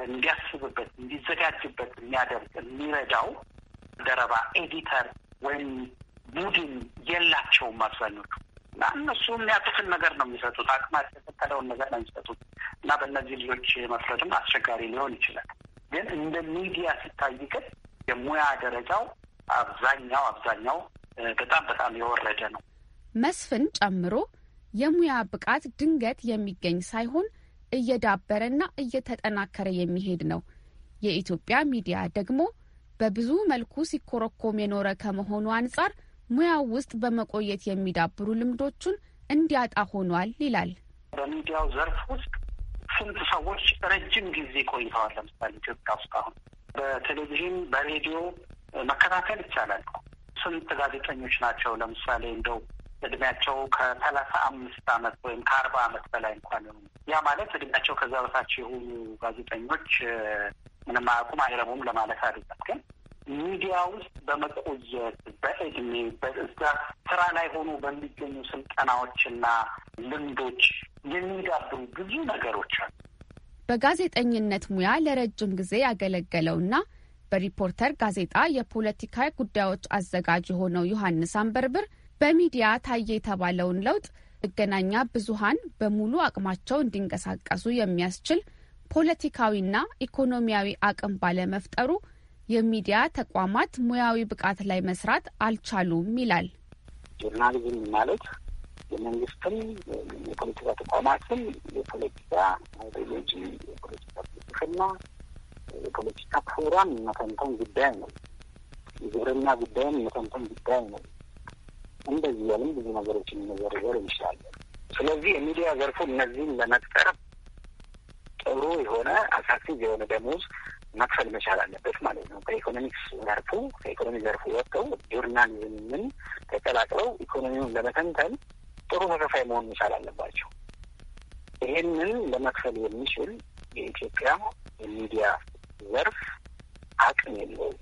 እንዲያስብበት እንዲዘጋጅበት የሚያደርግ የሚረዳው ደረባ ኤዲተር ወይም ቡድን የላቸውም አብዛኞቹ እና እነሱ የሚያጡትን ነገር ነው የሚሰጡት፣ አቅማቸው የተፈቀደውን ነገር ነው የሚሰጡት እና በእነዚህ ልጆች መፍረድም አስቸጋሪ ሊሆን ይችላል። ግን እንደ ሚዲያ ሲታይ ግን የሙያ ደረጃው አብዛኛው አብዛኛው በጣም በጣም የወረደ ነው።
መስፍን ጨምሮ የሙያ ብቃት ድንገት የሚገኝ ሳይሆን እየዳበረና እየተጠናከረ የሚሄድ ነው። የኢትዮጵያ ሚዲያ ደግሞ በብዙ መልኩ ሲኮረኮም የኖረ ከመሆኑ አንጻር ሙያው ውስጥ በመቆየት የሚዳብሩ ልምዶቹን እንዲያጣ ሆኗል ይላል።
በሚዲያው ዘርፍ ውስጥ ስንት ሰዎች ረጅም ጊዜ ቆይተዋል? ለምሳሌ ኢትዮጵያ ውስጥ አሁን በቴሌቪዥን በሬዲዮ መከታተል ይቻላል። ስንት ጋዜጠኞች ናቸው ለምሳሌ እንደው እድሜያቸው ከሰላሳ አምስት አመት ወይም ከአርባ አመት በላይ እንኳን ሆኑ ያ ማለት እድሜያቸው ከዛ በታች የሆኑ ጋዜጠኞች ምንም አያውቁም አይረቡም ለማለት አይደለም። ግን ሚዲያ ውስጥ በመቆየት በእድሜ በዛ ስራ ላይ ሆኖ በሚገኙ ስልጠናዎችና ልምዶች የሚዳብሩ ብዙ ነገሮች አሉ።
በጋዜጠኝነት ሙያ ለረጅም ጊዜ ያገለገለውና በሪፖርተር ጋዜጣ የፖለቲካ ጉዳዮች አዘጋጅ የሆነው ዮሐንስ አንበርብር በሚዲያ ታየ የተባለውን ለውጥ መገናኛ ብዙሃን በሙሉ አቅማቸው እንዲንቀሳቀሱ የሚያስችል ፖለቲካዊና ኢኮኖሚያዊ አቅም ባለመፍጠሩ የሚዲያ ተቋማት ሙያዊ ብቃት ላይ መስራት አልቻሉም ይላል።
ጆርናሊዝም ማለት የመንግስትም የፖለቲካ ተቋማትም የፖለቲካ አይዲዮሎጂ የፖለቲካ ፍልስፍና የፖለቲካ ፕሮግራም መተንተን ጉዳይ ነው። የግብርና ጉዳይም መተንተን ጉዳይ ነው። እንደዚህ ያለም ብዙ ነገሮችን መዘርዘር እንችላለን። ስለዚህ የሚዲያ ዘርፉ እነዚህን ለመቅጠር ጥሩ የሆነ አትራክቲቭ የሆነ ደሞዝ መክፈል መቻል አለበት ማለት ነው። ከኢኮኖሚክስ ዘርፉ ከኢኮኖሚ ዘርፉ ወጥተው ጆርናሊዝምን ተቀላቅለው ኢኮኖሚውን ለመተንተን ጥሩ ተከፋይ መሆን መቻል አለባቸው። ይህንን ለመክፈል የሚችል የኢትዮጵያ የሚዲያ ዘርፍ አቅም የለውም።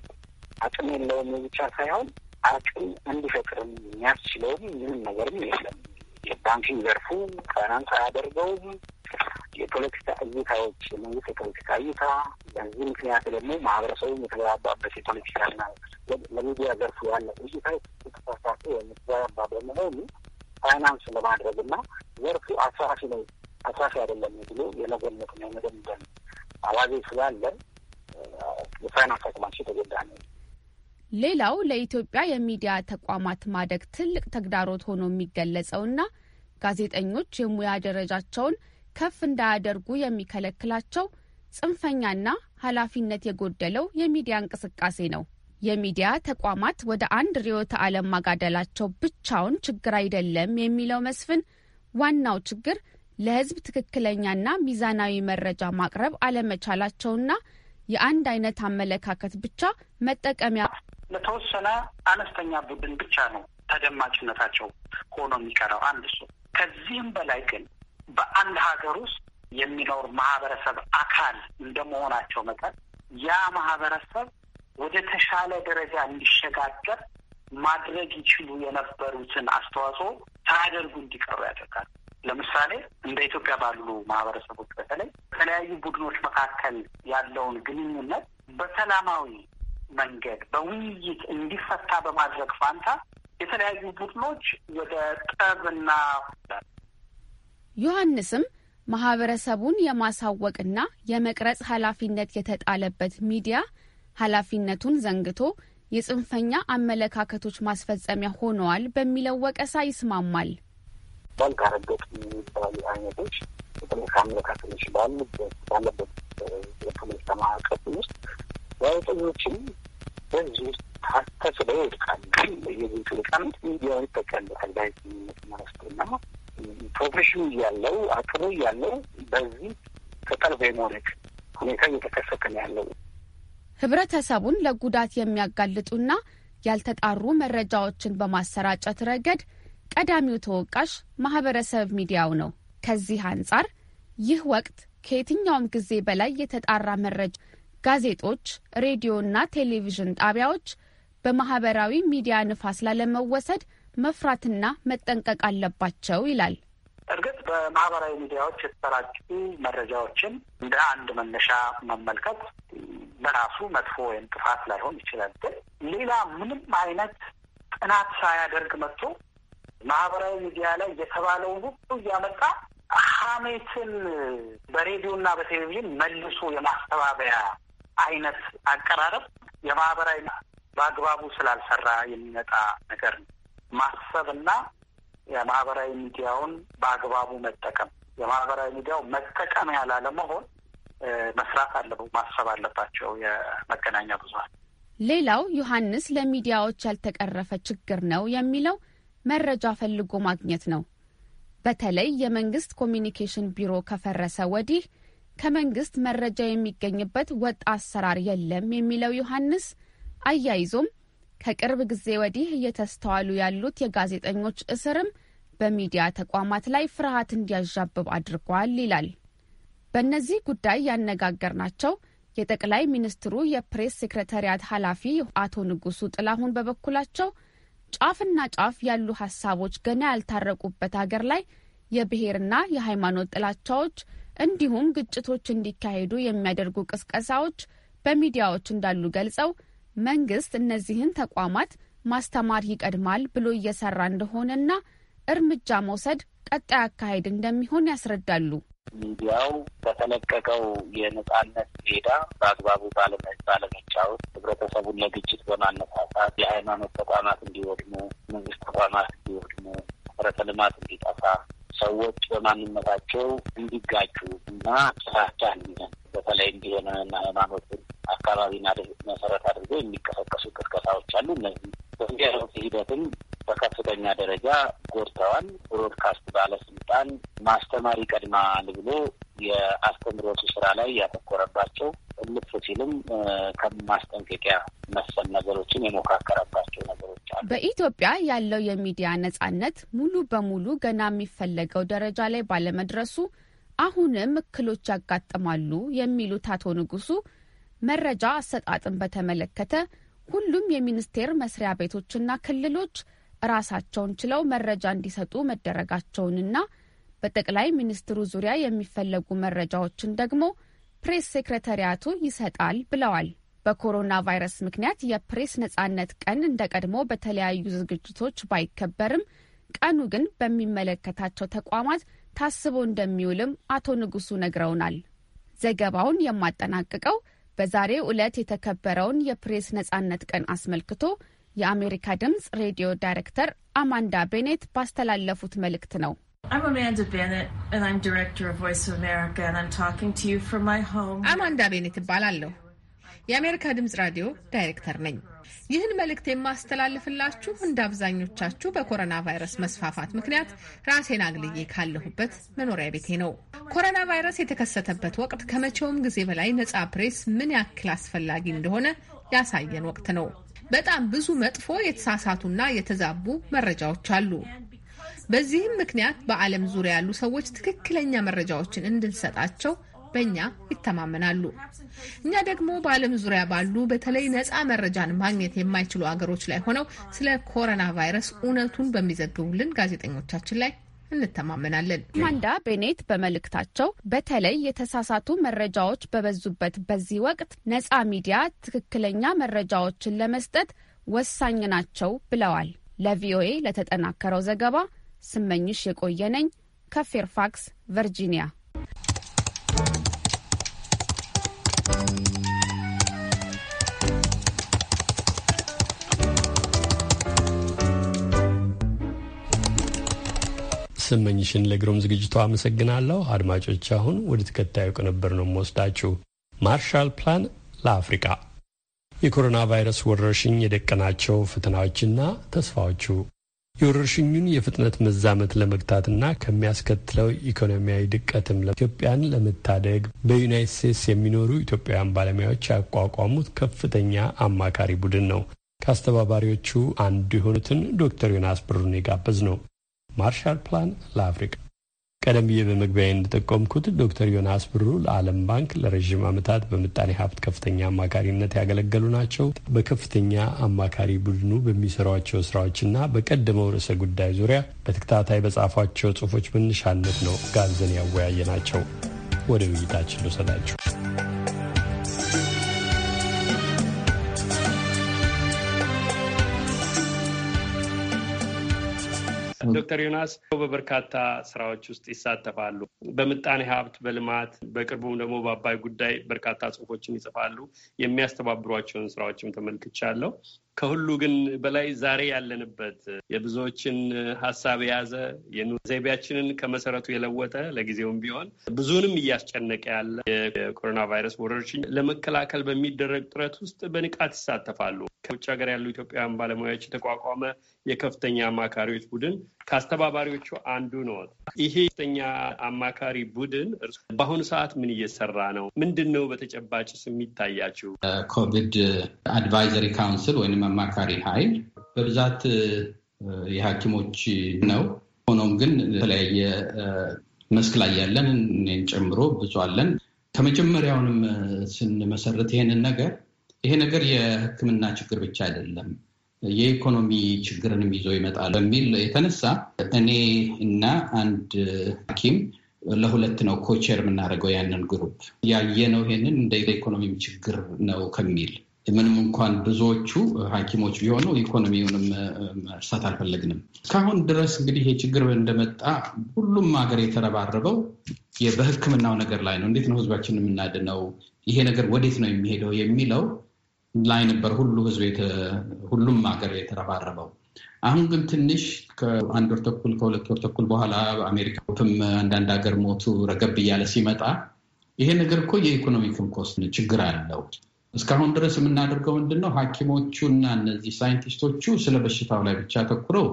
አቅም የለውም ብቻ ሳይሆን አቅም እንዲፈጥርም የሚያስችለውም ምንም ነገርም የለም። የባንኪንግ ዘርፉ ፋይናንስ አያደርገውም። የፖለቲካ እይታዎች፣ የመንግስት የፖለቲካ እይታ፣ በዚህ ምክንያት ደግሞ ማህበረሰቡ የተገባባበት የፖለቲካና ለሚዲያ ዘርፉ ያለ እይታ የተሳሳተ የሚተዛባ በመሆኑ ፋይናንስ ለማድረግ ለማድረግና ዘርፉ አስራፊ ነው አስራፊ አይደለም ብሎ ነው የመደምደም አዋዜ ስላለን የፋይናንስ አቅማቸው የተጎዳ ነው።
ሌላው ለኢትዮጵያ የሚዲያ ተቋማት ማደግ ትልቅ ተግዳሮት ሆኖ የሚገለጸውና ጋዜጠኞች የሙያ ደረጃቸውን ከፍ እንዳያደርጉ የሚከለክላቸው ጽንፈኛና ኃላፊነት የጎደለው የሚዲያ እንቅስቃሴ ነው። የሚዲያ ተቋማት ወደ አንድ ርዕዮተ ዓለም ማጋደላቸው ብቻውን ችግር አይደለም የሚለው መስፍን፣ ዋናው ችግር ለሕዝብ ትክክለኛና ሚዛናዊ መረጃ ማቅረብ አለመቻላቸውና የአንድ አይነት አመለካከት ብቻ መጠቀሚያ
ለተወሰነ አነስተኛ ቡድን ብቻ ነው ተደማጭነታቸው ሆኖ የሚቀረው አንድ እሱ። ከዚህም በላይ ግን በአንድ ሀገር ውስጥ የሚኖር ማህበረሰብ አካል እንደመሆናቸው መጠን ያ ማህበረሰብ ወደ ተሻለ ደረጃ እንዲሸጋገር ማድረግ ይችሉ የነበሩትን አስተዋጽኦ ሳያደርጉ እንዲቀሩ ያደርጋል። ለምሳሌ እንደ ኢትዮጵያ ባሉ ማህበረሰቦች በተለይ በተለያዩ ቡድኖች መካከል ያለውን ግንኙነት በሰላማዊ መንገድ በውይይት እንዲፈታ በማድረግ ፋንታ የተለያዩ ቡድኖች ወደ ጠብና
ዮሐንስም ማህበረሰቡን የማሳወቅና የመቅረጽ ኃላፊነት የተጣለበት ሚዲያ ኃላፊነቱን ዘንግቶ የጽንፈኛ አመለካከቶች ማስፈጸሚያ ሆነዋል በሚለው ወቀሳ ይስማማል።
ባልካ ረገጥ የሚባሉ አይነቶች የፖለቲካ አመለካከቶች ባሉበት ባለበት የፖለቲካ ማዕቀፍ ውስጥ ጋዜጠኞችም በዚህ ውስጥ ተስበው ይወድቃሉ። የዚህ ትልቃነት ሚዲያው ይጠቀልበታል። ጋዜጠኝነት መረስትና ፕሮፌሽኑ እያለው አቅሙ እያለው በዚህ ተጠልፎ የመውደቅ ሁኔታ እየተከሰተ ነው ያለው።
ህብረተሰቡን ለጉዳት የሚያጋልጡና ያልተጣሩ መረጃዎችን በማሰራጨት ረገድ ቀዳሚው ተወቃሽ ማህበረሰብ ሚዲያው ነው። ከዚህ አንጻር ይህ ወቅት ከየትኛውም ጊዜ በላይ የተጣራ መረጃ ጋዜጦች፣ ሬዲዮና ቴሌቪዥን ጣቢያዎች በማህበራዊ ሚዲያ ንፋስ ላለመወሰድ መፍራትና መጠንቀቅ አለባቸው ይላል።
እርግጥ በማህበራዊ ሚዲያዎች የተሰራጩ መረጃዎችን እንደ አንድ መነሻ መመልከት በራሱ መጥፎ ወይም ጥፋት ላይሆን ይችላል። ግን ሌላ ምንም አይነት ጥናት ሳያደርግ መጥቶ ማህበራዊ ሚዲያ ላይ የተባለውን ሁሉ እያመጣ ሀሜትን በሬዲዮና በቴሌቪዥን መልሶ የማስተባበያ አይነት አቀራረብ የማህበራዊ በአግባቡ ስላልሰራ የሚመጣ ነገር ነው። ማሰብና የማህበራዊ ሚዲያውን በአግባቡ መጠቀም የማህበራዊ ሚዲያው መጠቀሚያ ላለመሆን መስራት አለበት፣ ማሰብ አለባቸው የመገናኛ ብዙሀን።
ሌላው ዮሐንስ ለሚዲያዎች ያልተቀረፈ ችግር ነው የሚለው መረጃ ፈልጎ ማግኘት ነው። በተለይ የመንግስት ኮሚኒኬሽን ቢሮ ከፈረሰ ወዲህ ከመንግስት መረጃ የሚገኝበት ወጥ አሰራር የለም የሚለው ዮሐንስ አያይዞም ከቅርብ ጊዜ ወዲህ እየተስተዋሉ ያሉት የጋዜጠኞች እስርም በሚዲያ ተቋማት ላይ ፍርሃት እንዲያዣብብ አድርጓል ይላል። በእነዚህ ጉዳይ ያነጋገርናቸው የጠቅላይ ሚኒስትሩ የፕሬስ ሴክሬታሪያት ኃላፊ አቶ ንጉሱ ጥላሁን በበኩላቸው ጫፍና ጫፍ ያሉ ሀሳቦች ገና ያልታረቁበት አገር ላይ የብሔርና የሃይማኖት ጥላቻዎች እንዲሁም ግጭቶች እንዲካሄዱ የሚያደርጉ ቅስቀሳዎች በሚዲያዎች እንዳሉ ገልጸው መንግስት እነዚህን ተቋማት ማስተማር ይቀድማል ብሎ እየሰራ እንደሆነና እርምጃ መውሰድ ቀጣይ አካሄድ እንደሚሆን ያስረዳሉ።
ሚዲያው በተለቀቀው የነጻነት ሜዳ በአግባቡ ባለመጫወት ህብረተሰቡን ለግጭት በማነሳሳት የሃይማኖት ተቋማት እንዲወድሙ፣ መንግስት ተቋማት እንዲወድሙ፣ መሰረተ ልማት እንዲጠፋ፣ ሰዎች በማንነታቸው እንዲጋጩ እና ስራቻ እንዲዘን በተለይ እንዲሆነ ሃይማኖትን አካባቢን መሰረት አድርገው የሚቀሰቀሱ ቅስቀሳዎች አሉ እነዚህ በሚያደርጉት ሂደትም በከፍተኛ ደረጃ ጎድተዋል። ብሮድካስት ባለስልጣን ማስተማር ይቀድማል ብሎ የአስተምሮቱ ስራ ላይ ያተኮረባቸው ልፍ ሲልም ከማስጠንቀቂያ መሰል ነገሮችን የሞካከረባቸው ነገሮች
አሉ። በኢትዮጵያ ያለው የሚዲያ ነጻነት ሙሉ በሙሉ ገና የሚፈለገው ደረጃ ላይ ባለመድረሱ አሁንም እክሎች ያጋጥማሉ የሚሉት አቶ ንጉሱ መረጃ አሰጣጥን በተመለከተ ሁሉም የሚኒስቴር መስሪያ ቤቶችና ክልሎች ራሳቸውን ችለው መረጃ እንዲሰጡ መደረጋቸውንና በጠቅላይ ሚኒስትሩ ዙሪያ የሚፈለጉ መረጃዎችን ደግሞ ፕሬስ ሴክሬታሪያቱ ይሰጣል ብለዋል። በኮሮና ቫይረስ ምክንያት የፕሬስ ነጻነት ቀን እንደ ቀድሞ በተለያዩ ዝግጅቶች ባይከበርም ቀኑ ግን በሚመለከታቸው ተቋማት ታስቦ እንደሚውልም አቶ ንጉሱ ነግረውናል። ዘገባውን የማጠናቅቀው በዛሬ ዕለት የተከበረውን የፕሬስ ነጻነት ቀን አስመልክቶ የአሜሪካ ድምፅ ሬዲዮ ዳይሬክተር አማንዳ ቤኔት ባስተላለፉት መልእክት ነው።
አማንዳ ቤኔት እባላለሁ። የአሜሪካ ድምፅ ራዲዮ ዳይሬክተር ነኝ። ይህን መልእክት የማስተላልፍላችሁ እንደ አብዛኞቻችሁ በኮሮና ቫይረስ መስፋፋት ምክንያት ራሴን አግልዬ ካለሁበት መኖሪያ ቤቴ ነው። ኮሮና ቫይረስ የተከሰተበት ወቅት ከመቼውም ጊዜ በላይ ነጻ ፕሬስ ምን ያክል አስፈላጊ እንደሆነ ያሳየን ወቅት ነው። በጣም ብዙ መጥፎ የተሳሳቱና የተዛቡ መረጃዎች አሉ። በዚህም ምክንያት በዓለም ዙሪያ ያሉ ሰዎች ትክክለኛ መረጃዎችን እንድንሰጣቸው በእኛ ይተማመናሉ። እኛ ደግሞ በዓለም ዙሪያ ባሉ በተለይ ነፃ መረጃን ማግኘት የማይችሉ አገሮች ላይ ሆነው ስለ ኮሮና ቫይረስ እውነቱን በሚዘግቡልን ጋዜጠኞቻችን ላይ እንተማመናለን። ማንዳ ቤኔት በመልእክታቸው በተለይ የተሳሳቱ
መረጃዎች በበዙበት በዚህ ወቅት ነፃ ሚዲያ ትክክለኛ መረጃዎችን ለመስጠት ወሳኝ ናቸው ብለዋል። ለቪኦኤ ለተጠናከረው ዘገባ ስመኝሽ የቆየነኝ ከፌርፋክስ ቨርጂኒያ
ስመኝሽን ለግሩም ዝግጅቱ አመሰግናለሁ። አድማጮች አሁን ወደ ተከታዩ ቅንብር ነው የምወስዳችሁ። ማርሻል ፕላን ለአፍሪካ የኮሮና ቫይረስ ወረርሽኝ የደቀናቸው ፈተናዎችና ተስፋዎቹ የወረርሽኙን የፍጥነት መዛመት ለመግታትና ከሚያስከትለው ኢኮኖሚያዊ ድቀትም ኢትዮጵያን ለመታደግ በዩናይት ስቴትስ የሚኖሩ ኢትዮጵያውያን ባለሙያዎች ያቋቋሙት ከፍተኛ አማካሪ ቡድን ነው። ከአስተባባሪዎቹ አንዱ የሆኑትን ዶክተር ዮናስ ብሩን የጋበዝ ነው። ማርሻል ፕላን ለአፍሪካ ቀደም ብዬ በመግቢያ እንደጠቆምኩት ዶክተር ዮናስ ብሩ ለዓለም ባንክ ለረዥም ዓመታት በምጣኔ ሀብት ከፍተኛ አማካሪነት ያገለገሉ ናቸው። በከፍተኛ አማካሪ ቡድኑ በሚሰሯቸው ስራዎችና በቀደመው ርዕሰ ጉዳይ ዙሪያ በተከታታይ በጻፏቸው ጽሁፎች መነሻነት ነው ጋብዘን ያወያየ ናቸው። ወደ ውይይታችን ልውሰዳችሁ። ዶክተር ዮናስ በበርካታ ስራዎች ውስጥ ይሳተፋሉ። በምጣኔ ሀብት፣ በልማት በቅርቡ ደግሞ በአባይ ጉዳይ በርካታ ጽሁፎችን ይጽፋሉ። የሚያስተባብሯቸውን ስራዎችም ተመልክቻለሁ። ከሁሉ ግን በላይ ዛሬ ያለንበት የብዙዎችን ሀሳብ የያዘ የኑሮ ዘይቤያችንን ከመሰረቱ የለወጠ ለጊዜውም ቢሆን ብዙንም እያስጨነቀ ያለ የኮሮና ቫይረስ ወረርሽኝ ለመከላከል በሚደረግ ጥረት ውስጥ በንቃት ይሳተፋሉ። ከውጭ ሀገር ያሉ ኢትዮጵያውያን ባለሙያዎች የተቋቋመ የከፍተኛ አማካሪዎች ቡድን ከአስተባባሪዎቹ አንዱ ነው። ይሄ ከፍተኛ አማካሪ ቡድን በአሁኑ ሰዓት ምን እየሰራ ነው? ምንድን ነው በተጨባጭስ የሚታያችሁ?
ኮቪድ አድቫይዘሪ ካውንስል ወይም አማካሪ ኃይል በብዛት የሐኪሞች ነው። ሆኖም ግን የተለያየ መስክ ላይ ያለን እኔን ጨምሮ ብዙ አለን። ከመጀመሪያውንም ስንመሰረት ይሄንን ነገር ይሄ ነገር የሕክምና ችግር ብቻ አይደለም የኢኮኖሚ ችግርንም ይዞ ይመጣል በሚል የተነሳ እኔ እና አንድ ሐኪም ለሁለት ነው ኮቸር የምናደርገው ያንን ግሩፕ ያየነው ይሄንን እንደ ኢኮኖሚም ችግር ነው ከሚል ምንም እንኳን ብዙዎቹ ሐኪሞች ቢሆኑ ኢኮኖሚውንም መርሳት አልፈለግንም። እስካሁን ድረስ እንግዲህ የችግር እንደመጣ ሁሉም ሀገር የተረባረበው በሕክምናው ነገር ላይ ነው። እንዴት ነው ህዝባችን የምናድነው? ይሄ ነገር ወዴት ነው የሚሄደው የሚለው ላይ ነበር ሁሉ ህዝብ ሁሉም ሀገር የተረባረበው። አሁን ግን ትንሽ ከአንድ ወር ተኩል ከሁለት ወር ተኩል በኋላ አሜሪካ አንዳንድ ሀገር ሞቱ ረገብ እያለ ሲመጣ ይሄ ነገር እኮ የኢኮኖሚክም ኮስት ችግር አለው። እስካሁን ድረስ የምናደርገው ምንድን ነው? ሐኪሞቹ እና እነዚህ ሳይንቲስቶቹ ስለ በሽታው ላይ ብቻ አተኩረው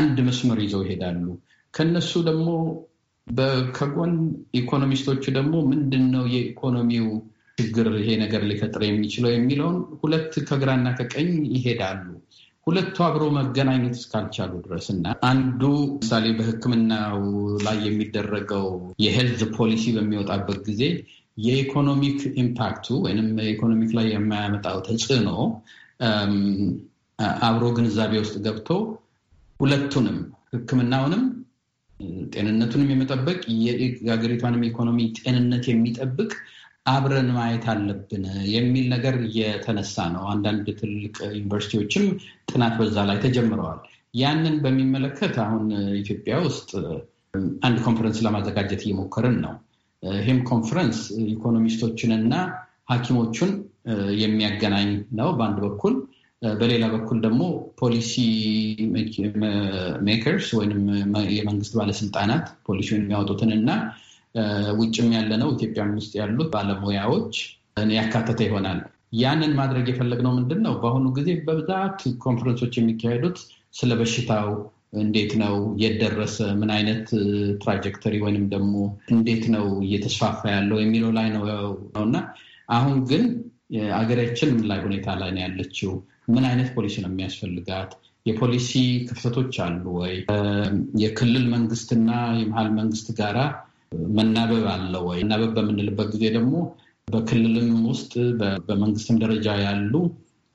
አንድ መስመር ይዘው ይሄዳሉ። ከነሱ ደግሞ ከጎን ኢኮኖሚስቶቹ ደግሞ ምንድን ነው የኢኮኖሚው ችግር ይሄ ነገር ሊፈጥር የሚችለው የሚለውን ሁለት ከግራና ከቀኝ ይሄዳሉ። ሁለቱ አብሮ መገናኘት እስካልቻሉ ድረስ እና አንዱ ምሳሌ በሕክምናው ላይ የሚደረገው የሄልዝ ፖሊሲ በሚወጣበት ጊዜ የኢኮኖሚክ ኢምፓክቱ ወይም ኢኮኖሚክ ላይ የማያመጣው ተጽዕኖ አብሮ ግንዛቤ ውስጥ ገብቶ ሁለቱንም ሕክምናውንም ጤንነቱንም የመጠበቅ የሀገሪቷንም ኢኮኖሚ ጤንነት የሚጠብቅ አብረን ማየት አለብን የሚል ነገር እየተነሳ ነው። አንዳንድ ትልቅ ዩኒቨርሲቲዎችም ጥናት በዛ ላይ ተጀምረዋል። ያንን በሚመለከት አሁን ኢትዮጵያ ውስጥ አንድ ኮንፈረንስ ለማዘጋጀት እየሞከርን ነው። ይህም ኮንፈረንስ ኢኮኖሚስቶችንና ሐኪሞቹን የሚያገናኝ ነው በአንድ በኩል በሌላ በኩል ደግሞ ፖሊሲ ሜከርስ ወይም የመንግስት ባለስልጣናት ፖሊሲውን የሚያወጡትን እና ውጭም ያለነው ኢትዮጵያ ውስጥ ያሉት ባለሙያዎች ያካተተ ይሆናል። ያንን ማድረግ የፈለግነው ምንድን ነው? በአሁኑ ጊዜ በብዛት ኮንፈረንሶች የሚካሄዱት ስለ በሽታው እንዴት ነው የደረሰ ምን አይነት ትራጀክተሪ ወይንም ደግሞ እንዴት ነው እየተስፋፋ ያለው የሚለው ላይ ነው እና አሁን ግን አገራችን ምን ላይ ሁኔታ ላይ ነው ያለችው? ምን አይነት ፖሊሲ ነው የሚያስፈልጋት? የፖሊሲ ክፍተቶች አሉ ወይ? የክልል መንግስትና የመሀል መንግስት ጋራ መናበብ አለ ወይ? መናበብ በምንልበት ጊዜ ደግሞ በክልልም ውስጥ በመንግስትም ደረጃ ያሉ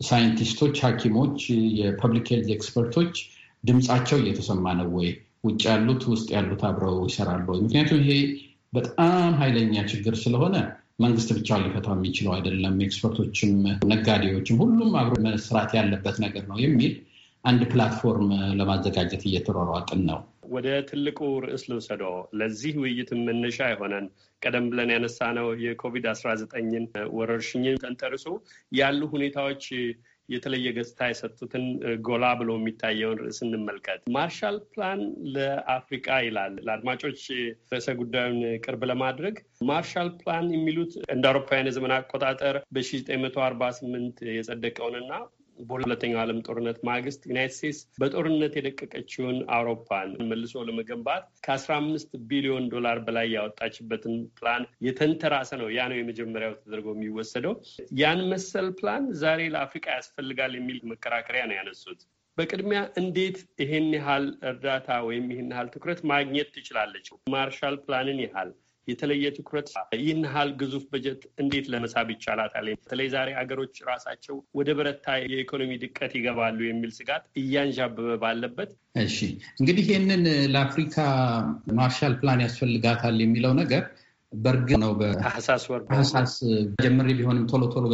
ሳይንቲስቶች፣ ሐኪሞች፣ የፐብሊክ ሄልዝ ኤክስፐርቶች ድምፃቸው እየተሰማ ነው ወይ? ውጭ ያሉት ውስጥ ያሉት አብረው ይሰራሉ ወይ? ምክንያቱም ይሄ በጣም ኃይለኛ ችግር ስለሆነ መንግስት ብቻ ሊፈታው የሚችለው አይደለም። ኤክስፐርቶችም፣ ነጋዴዎችም ሁሉም አብሮ መስራት ያለበት ነገር ነው የሚል አንድ ፕላትፎርም ለማዘጋጀት እየተሯሯጥን ነው።
ወደ ትልቁ ርዕስ ልውሰዶ ለዚህ ውይይት መነሻ የሆነን ቀደም ብለን ያነሳ ነው የኮቪድ አስራ ዘጠኝን ወረርሽኝን ተንተርሶ ያሉ ሁኔታዎች የተለየ ገጽታ የሰጡትን ጎላ ብሎ የሚታየውን ርዕስ እንመልከት። ማርሻል ፕላን ለአፍሪቃ ይላል። ለአድማጮች ርዕሰ ጉዳዩን ቅርብ ለማድረግ ማርሻል ፕላን የሚሉት እንደ አውሮፓውያን የዘመን አቆጣጠር በ1948 የጸደቀውንና በሁለተኛው ዓለም ጦርነት ማግስት ዩናይት ስቴትስ በጦርነት የደቀቀችውን አውሮፓን መልሶ ለመገንባት ከአስራ አምስት ቢሊዮን ዶላር በላይ ያወጣችበትን ፕላን የተንተራሰ ነው። ያ ነው የመጀመሪያው ተደርጎ የሚወሰደው። ያን መሰል ፕላን ዛሬ ለአፍሪቃ ያስፈልጋል የሚል መከራከሪያ ነው ያነሱት። በቅድሚያ እንዴት ይህን ያህል እርዳታ ወይም ይህን ያህል ትኩረት ማግኘት ትችላለች? ማርሻል ፕላንን ያህል የተለየ ትኩረት ይህን ያህል ግዙፍ በጀት እንዴት ለመሳብ ይቻላታል? በተለይ ዛሬ አገሮች ራሳቸው ወደ በረታ የኢኮኖሚ ድቀት ይገባሉ የሚል ስጋት እያንዣበበ ባለበት፣
እሺ እንግዲህ ይህንን ለአፍሪካ ማርሻል ፕላን ያስፈልጋታል የሚለው ነገር በእርግጥ ነው በታህሳስ ወር ታህሳስ ጀምሬ ቢሆንም ቶሎ ቶሎ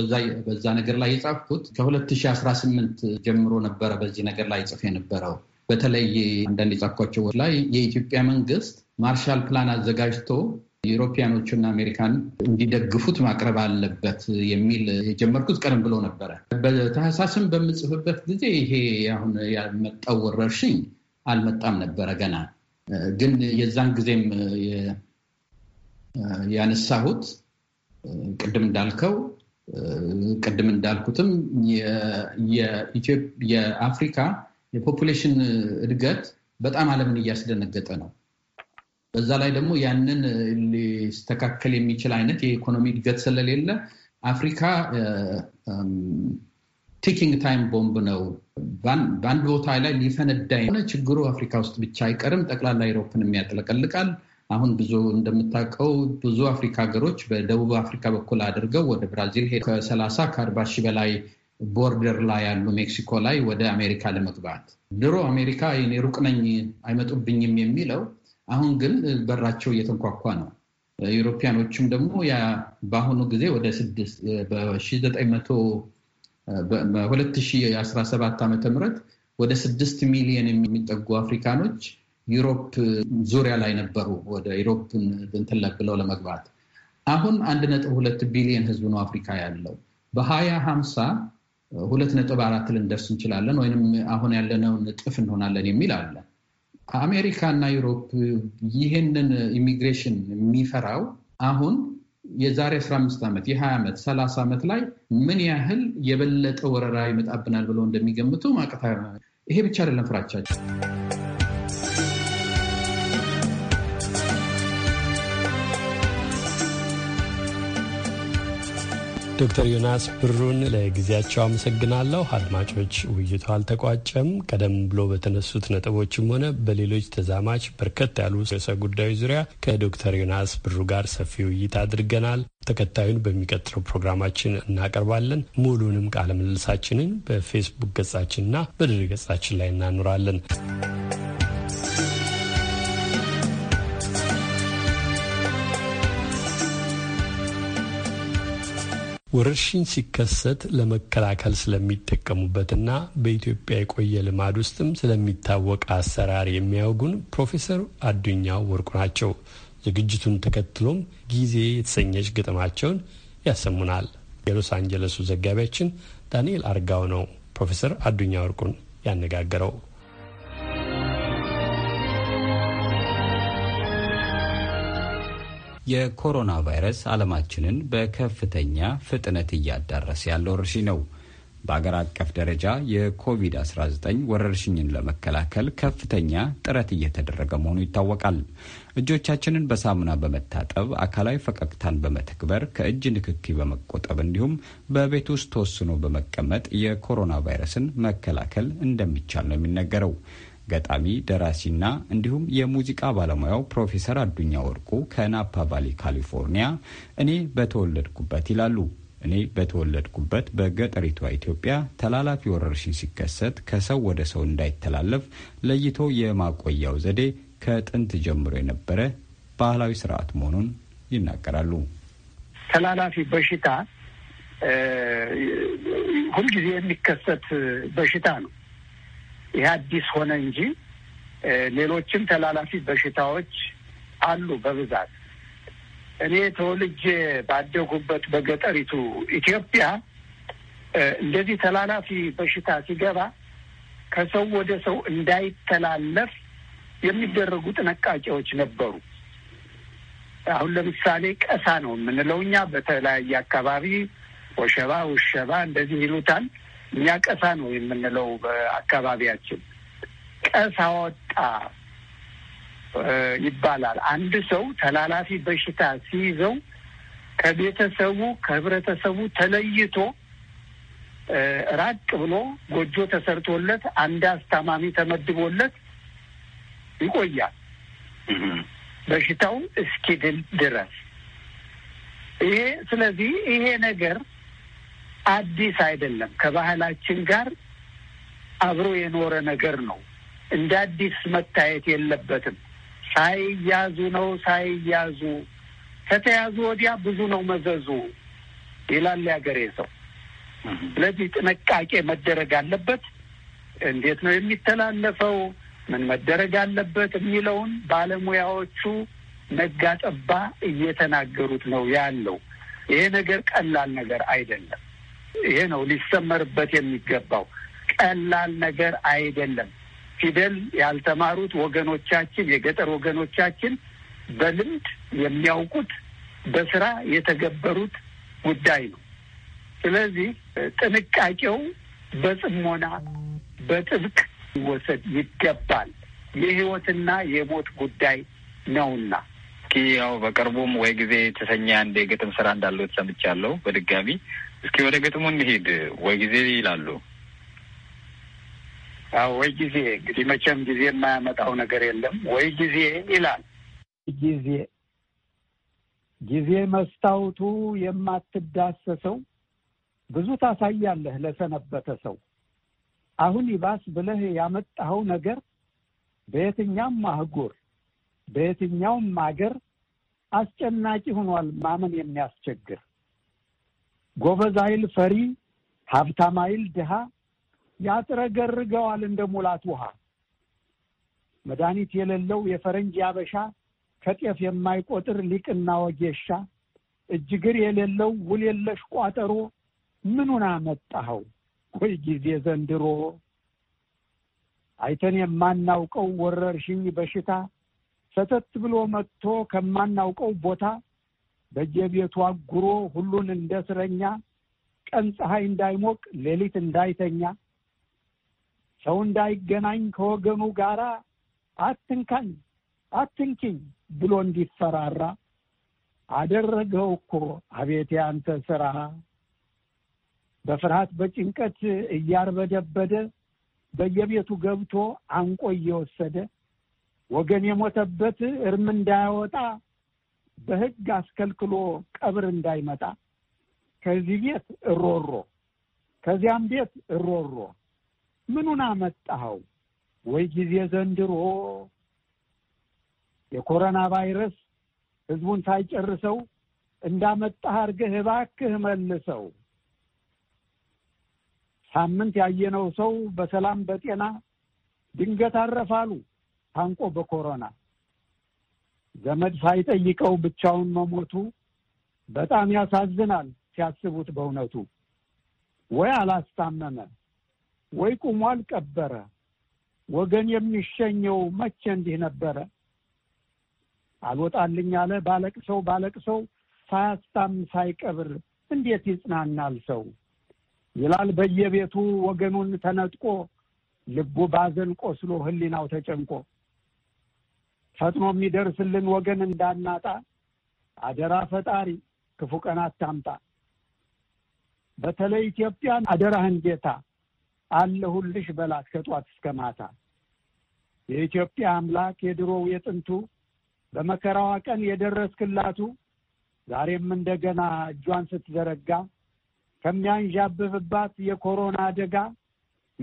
በዛ ነገር ላይ የጻፍኩት ከ2018 ጀምሮ ነበረ። በዚህ ነገር ላይ ጽፍ የነበረው በተለይ አንዳንድ የጻፍኳቸው ላይ የኢትዮጵያ መንግስት ማርሻል ፕላን አዘጋጅቶ ዩሮፒያኖቹና አሜሪካን እንዲደግፉት ማቅረብ አለበት የሚል የጀመርኩት ቀደም ብሎ ነበረ። በታህሳስም በምጽፍበት ጊዜ ይሄ አሁን ያመጣው ወረርሽኝ አልመጣም ነበረ ገና። ግን የዛን ጊዜም ያነሳሁት ቅድም እንዳልከው ቅድም እንዳልኩትም የአፍሪካ የፖፑሌሽን እድገት በጣም ዓለምን እያስደነገጠ ነው። በዛ ላይ ደግሞ ያንን ሊስተካከል የሚችል አይነት የኢኮኖሚ እድገት ስለሌለ አፍሪካ ቲኪንግ ታይም ቦምብ ነው። በአንድ ቦታ ላይ ሊፈነዳ የሆነ ችግሩ አፍሪካ ውስጥ ብቻ አይቀርም፣ ጠቅላላ አውሮፓንም ያጥለቀልቃል። አሁን ብዙ እንደምታውቀው ብዙ አፍሪካ ሀገሮች በደቡብ አፍሪካ በኩል አድርገው ወደ ብራዚል ሄ ከሰላሳ ከአርባ ሺህ በላይ ቦርደር ላይ ያሉ ሜክሲኮ ላይ ወደ አሜሪካ ለመግባት ድሮ አሜሪካ ሩቅ ነኝ አይመጡብኝም የሚለው አሁን ግን በራቸው እየተንኳኳ ነው። ዩሮፒያኖቹም ደግሞ በአሁኑ ጊዜ ወደ ስድስት በ2017 ዓ ወደ ስድስት ሚሊዮን የሚጠጉ አፍሪካኖች ዩሮፕ ዙሪያ ላይ ነበሩ ወደ ዩሮፕ እንትለቅ ብለው ለመግባት አሁን አንድ ነጥብ ሁለት ቢሊዮን ህዝብ ነው አፍሪካ ያለው። በሀያ ሀምሳ ሁለት ነጥብ አራት ልንደርስ እንችላለን ወይም አሁን ያለነውን እጥፍ እንሆናለን የሚል አለን። አሜሪካ እና ዩሮፕ ይህንን ኢሚግሬሽን የሚፈራው አሁን የዛሬ 15 ዓመት የ20 ዓመት 30 ዓመት ላይ ምን ያህል የበለጠ ወረራ ይመጣብናል ብለው እንደሚገምቱ ማቀታ ይሄ ብቻ አይደለም ፍራቻቸው።
ዶክተር ዮናስ ብሩን ለጊዜያቸው አመሰግናለሁ። አድማጮች፣ ውይይቱ አልተቋጨም። ቀደም ብሎ በተነሱት ነጥቦችም ሆነ በሌሎች ተዛማች በርከት ያሉ ርዕሰ ጉዳዮች ዙሪያ ከዶክተር ዮናስ ብሩ ጋር ሰፊ ውይይት አድርገናል። ተከታዩን በሚቀጥለው ፕሮግራማችን እናቀርባለን። ሙሉንም ቃለ ምልልሳችንን በፌስቡክ ገጻችንና በድረ ገጻችን ላይ እናኖራለን። ወረርሽኝ ሲከሰት ለመከላከል ስለሚጠቀሙበትና በኢትዮጵያ የቆየ ልማድ ውስጥም ስለሚታወቅ አሰራር የሚያውጉን ፕሮፌሰር አዱኛ ወርቁ ናቸው። ዝግጅቱን ተከትሎም ጊዜ የተሰኘች ግጥማቸውን ያሰሙናል። የሎስ አንጀለሱ ዘጋቢያችን ዳንኤል አርጋው ነው ፕሮፌሰር አዱኛ ወርቁን ያነጋገረው።
የኮሮና ቫይረስ ዓለማችንን በከፍተኛ ፍጥነት እያዳረሰ ያለ ወረርሽኝ ነው። በአገር አቀፍ ደረጃ የኮቪድ-19 ወረርሽኝን ለመከላከል ከፍተኛ ጥረት እየተደረገ መሆኑ ይታወቃል። እጆቻችንን በሳሙና በመታጠብ አካላዊ ፈቀቅታን በመተግበር ከእጅ ንክኪ በመቆጠብ እንዲሁም በቤት ውስጥ ተወስኖ በመቀመጥ የኮሮና ቫይረስን መከላከል እንደሚቻል ነው የሚነገረው። ገጣሚ ደራሲና እንዲሁም የሙዚቃ ባለሙያው ፕሮፌሰር አዱኛ ወርቁ ከናፓ ቫሊ ካሊፎርኒያ እኔ በተወለድኩበት ይላሉ። እኔ በተወለድኩበት በገጠሪቷ ኢትዮጵያ ተላላፊ ወረርሽኝ ሲከሰት ከሰው ወደ ሰው እንዳይተላለፍ ለይቶ የማቆያው ዘዴ ከጥንት ጀምሮ የነበረ ባህላዊ ስርዓት መሆኑን ይናገራሉ።
ተላላፊ በሽታ ሁልጊዜ የሚከሰት በሽታ ነው። ይህ አዲስ ሆነ እንጂ ሌሎችም ተላላፊ በሽታዎች አሉ በብዛት። እኔ ተወልጄ ባደጉበት በገጠሪቱ ኢትዮጵያ እንደዚህ ተላላፊ በሽታ ሲገባ ከሰው ወደ ሰው እንዳይተላለፍ የሚደረጉ ጥንቃቄዎች ነበሩ። አሁን ለምሳሌ ቀሳ ነው የምንለው እኛ በተለያየ አካባቢ ወሸባ፣ ውሸባ እንደዚህ ይሉታል። እኛ ቀሳ ነው የምንለው በአካባቢያችን። ቀሳ ወጣ ይባላል። አንድ ሰው ተላላፊ በሽታ ሲይዘው ከቤተሰቡ ከህብረተሰቡ ተለይቶ ራቅ ብሎ ጎጆ ተሰርቶለት አንድ አስታማሚ ተመድቦለት ይቆያል በሽታው እስኪድል ድረስ። ይሄ ስለዚህ ይሄ ነገር አዲስ አይደለም። ከባህላችን ጋር አብሮ የኖረ ነገር ነው። እንደ አዲስ መታየት የለበትም። ሳይያዙ ነው ሳይያዙ ከተያዙ ወዲያ ብዙ ነው መዘዙ ይላል ያገሬ ሰው። ስለዚህ ጥንቃቄ መደረግ አለበት። እንዴት ነው የሚተላለፈው? ምን መደረግ አለበት የሚለውን ባለሙያዎቹ መጋጠባ እየተናገሩት ነው ያለው። ይሄ ነገር ቀላል ነገር አይደለም። ይሄ ነው ሊሰመርበት የሚገባው። ቀላል ነገር አይደለም። ፊደል ያልተማሩት ወገኖቻችን፣ የገጠር ወገኖቻችን በልምድ የሚያውቁት በስራ የተገበሩት ጉዳይ ነው። ስለዚህ ጥንቃቄው በጽሞና በጥብቅ ይወሰድ ይገባል። የህይወትና የሞት ጉዳይ ነውና ያው በቅርቡም ወይ ጊዜ የተሰኘ አንድ የግጥም ስራ እንዳለው
ሰምቻለሁ። በድጋሚ እስኪ ወደ ግጥሙ እንሄድ። ወይ ጊዜ ይላሉ።
አዎ ወይ ጊዜ እንግዲህ መቼም ጊዜ የማያመጣው ነገር የለም። ወይ ጊዜ ይላል።
ጊዜ ጊዜ መስታወቱ የማትዳሰሰው ብዙ ታሳያለህ ለሰነበተ ሰው። አሁን ይባስ ብለህ ያመጣኸው ነገር በየትኛም አህጉር በየትኛውም አገር አስጨናቂ ሆኗል ማመን የሚያስቸግር ጎበዝ ኃይል ፈሪ፣ ሀብታም ኃይል ድሃ ያጥረገርገዋል እንደ ሙላት ውሃ። መድኃኒት የሌለው የፈረንጅ ያበሻ ከጤፍ የማይቆጥር ሊቅና ወጌሻ እጅግር የሌለው ውል የለሽ ቋጠሮ ምኑን አመጣኸው ወይ ጊዜ ዘንድሮ አይተን የማናውቀው ወረርሽኝ በሽታ ሰተት ብሎ መጥቶ ከማናውቀው ቦታ በየቤቱ አጉሮ ሁሉን እንደ እስረኛ ቀን ፀሐይ እንዳይሞቅ ሌሊት እንዳይተኛ ሰው እንዳይገናኝ ከወገኑ ጋራ አትንካኝ አትንኪኝ ብሎ እንዲፈራራ አደረገው እኮ አቤት ያንተ ስራ። በፍርሃት በጭንቀት እያርበደበደ በየቤቱ ገብቶ አንቆ እየወሰደ ወገን የሞተበት እርም እንዳያወጣ በህግ አስከልክሎ ቀብር እንዳይመጣ ከዚህ ቤት እሮሮ ከዚያም ቤት እሮሮ ምኑን አመጣኸው? ወይ ጊዜ ዘንድሮ የኮሮና ቫይረስ ህዝቡን ሳይጨርሰው እንዳመጣህ አድርገህ እባክህ መልሰው። ሳምንት ያየነው ሰው በሰላም በጤና ድንገት አረፋሉ ታንቆ በኮሮና ዘመድ ሳይጠይቀው ብቻውን መሞቱ በጣም ያሳዝናል። ሲያስቡት በእውነቱ ወይ አላስታመመ ወይ ቁሞ አልቀበረ ወገን የሚሸኘው መቼ እንዲህ ነበረ? አልወጣልኝ አለ ባለቅሰው ባለቅሰው ሳያስታም ሳይቀብር እንዴት ይጽናናል ሰው ይላል በየቤቱ ወገኑን ተነጥቆ ልቡ ባዘን ቆስሎ ህሊናው ተጨንቆ ፈጥኖ የሚደርስልን ወገን እንዳናጣ አደራ ፈጣሪ ክፉ ቀን አታምጣ። በተለይ ኢትዮጵያን አደራህን ጌታ አለሁልሽ በላት ከጧት እስከ ማታ። የኢትዮጵያ አምላክ የድሮው የጥንቱ በመከራዋ ቀን የደረስክላቱ ዛሬም እንደገና እጇን ስትዘረጋ ከሚያንዣብብባት የኮሮና አደጋ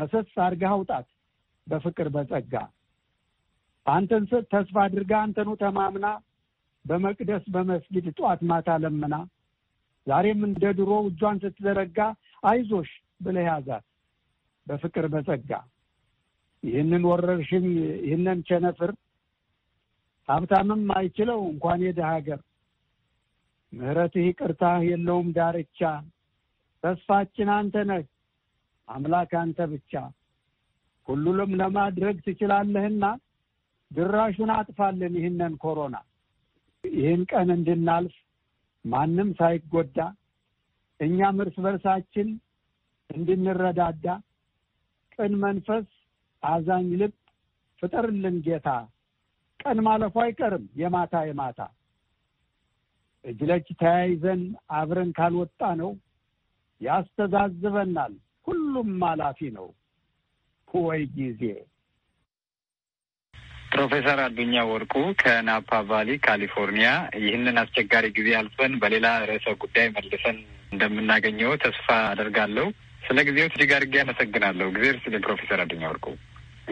መሰስ አድርገህ አውጣት በፍቅር በጸጋ። አንተን ተስፋ አድርጋ አንተኑ ተማምና በመቅደስ በመስጊድ ጠዋት ማታ ለምና ዛሬም እንደ ድሮ እጇን ስትዘረጋ አይዞሽ ብለህ ያዛት በፍቅር በጸጋ። ይህንን ወረርሽኝ ይህንን ቸነፍር ሀብታምም አይችለው እንኳን የደ ሀገር ምህረትህ ይቅርታህ የለውም ዳርቻ። ተስፋችን አንተ ነህ አምላክ አንተ ብቻ ሁሉንም ለማድረግ ትችላለህና ድራሹን አጥፋለን ይህንን ኮሮና። ይህን ቀን እንድናልፍ ማንም ሳይጎዳ እኛም እርስ በርሳችን እንድንረዳዳ ቅን መንፈስ፣ አዛኝ ልብ ፍጠርልን ጌታ። ቀን ማለፉ አይቀርም የማታ የማታ እጅ ለእጅ ተያይዘን አብረን ካልወጣ ነው ያስተዛዝበናል። ሁሉም አላፊ ነው። ሁወይ ጊዜ
ፕሮፌሰር አዱኛ ወርቁ ከናፓ ቫሊ ካሊፎርኒያ። ይህንን አስቸጋሪ ጊዜ አልፈን በሌላ ርዕሰ ጉዳይ መልሰን እንደምናገኘው ተስፋ አደርጋለሁ። ስለ ጊዜው እጅግ አድርጌ አመሰግናለሁ። ጊዜ ስለ ፕሮፌሰር አዱኛ ወርቁ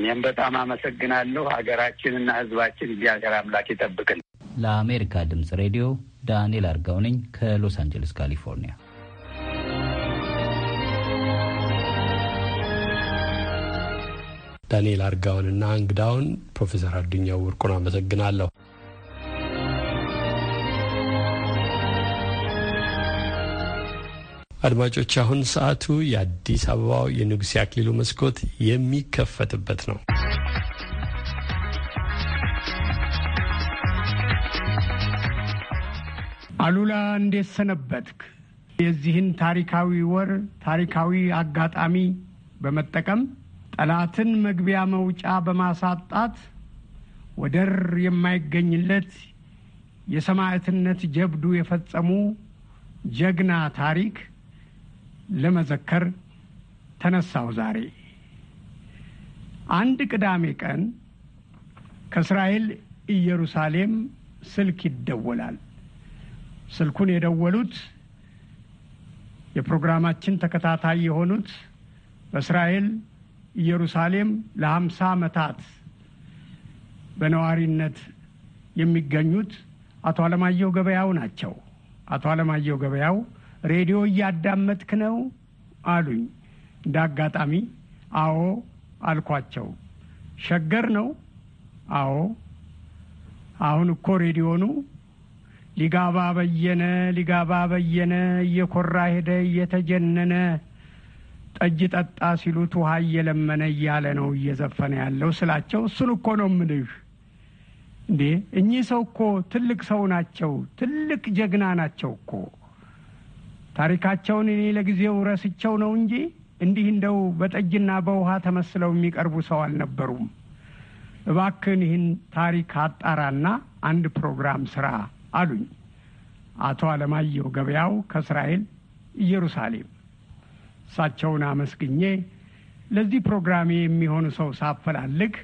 እኔም በጣም አመሰግናለሁ። ሀገራችንና ህዝባችን እግዚአብሔር አምላክ ይጠብቅልን። ለአሜሪካ ድምጽ ሬዲዮ ዳንኤል አርጋው ነኝ ከሎስ አንጀለስ
ካሊፎርኒያ። ዳንኤል አርጋውንና እንግዳውን ፕሮፌሰር አዱኛው ወርቁን አመሰግናለሁ። አድማጮች፣ አሁን ሰዓቱ የአዲስ አበባው የንጉሴ አክሊሉ መስኮት የሚከፈትበት ነው።
አሉላ እንዴት ሰነበትክ? የዚህን ታሪካዊ ወር ታሪካዊ አጋጣሚ በመጠቀም ጠላትን መግቢያ መውጫ በማሳጣት ወደር የማይገኝለት የሰማዕትነት ጀብዱ የፈጸሙ ጀግና ታሪክ ለመዘከር ተነሳው ዛሬ አንድ ቅዳሜ ቀን ከእስራኤል ኢየሩሳሌም ስልክ ይደወላል። ስልኩን የደወሉት የፕሮግራማችን ተከታታይ የሆኑት በእስራኤል ኢየሩሳሌም ለሀምሳ ዓመታት በነዋሪነት የሚገኙት አቶ አለማየሁ ገበያው ናቸው። አቶ አለማየሁ ገበያው ሬዲዮ እያዳመጥክ ነው አሉኝ። እንደ አጋጣሚ አዎ አልኳቸው። ሸገር ነው? አዎ። አሁን እኮ ሬዲዮኑ ሊጋባ በየነ ሊጋባ በየነ እየኮራ ሄደ እየተጀነነ ጠጅ ጠጣ ሲሉት ውሃ እየለመነ እያለ ነው እየዘፈነ ያለው ስላቸው፣ እሱን እኮ ነው ምልህ እንዴ እኚህ ሰው እኮ ትልቅ ሰው ናቸው፣ ትልቅ ጀግና ናቸው እኮ። ታሪካቸውን እኔ ለጊዜው ረስቸው ነው እንጂ እንዲህ እንደው በጠጅና በውሃ ተመስለው የሚቀርቡ ሰው አልነበሩም። እባክን ይህን ታሪክ አጣራና አንድ ፕሮግራም ስራ አሉኝ አቶ አለማየሁ ገበያው ከእስራኤል ኢየሩሳሌም እሳቸውን አመስግኜ ለዚህ ፕሮግራሜ የሚሆኑ ሰው ሳፈላልግ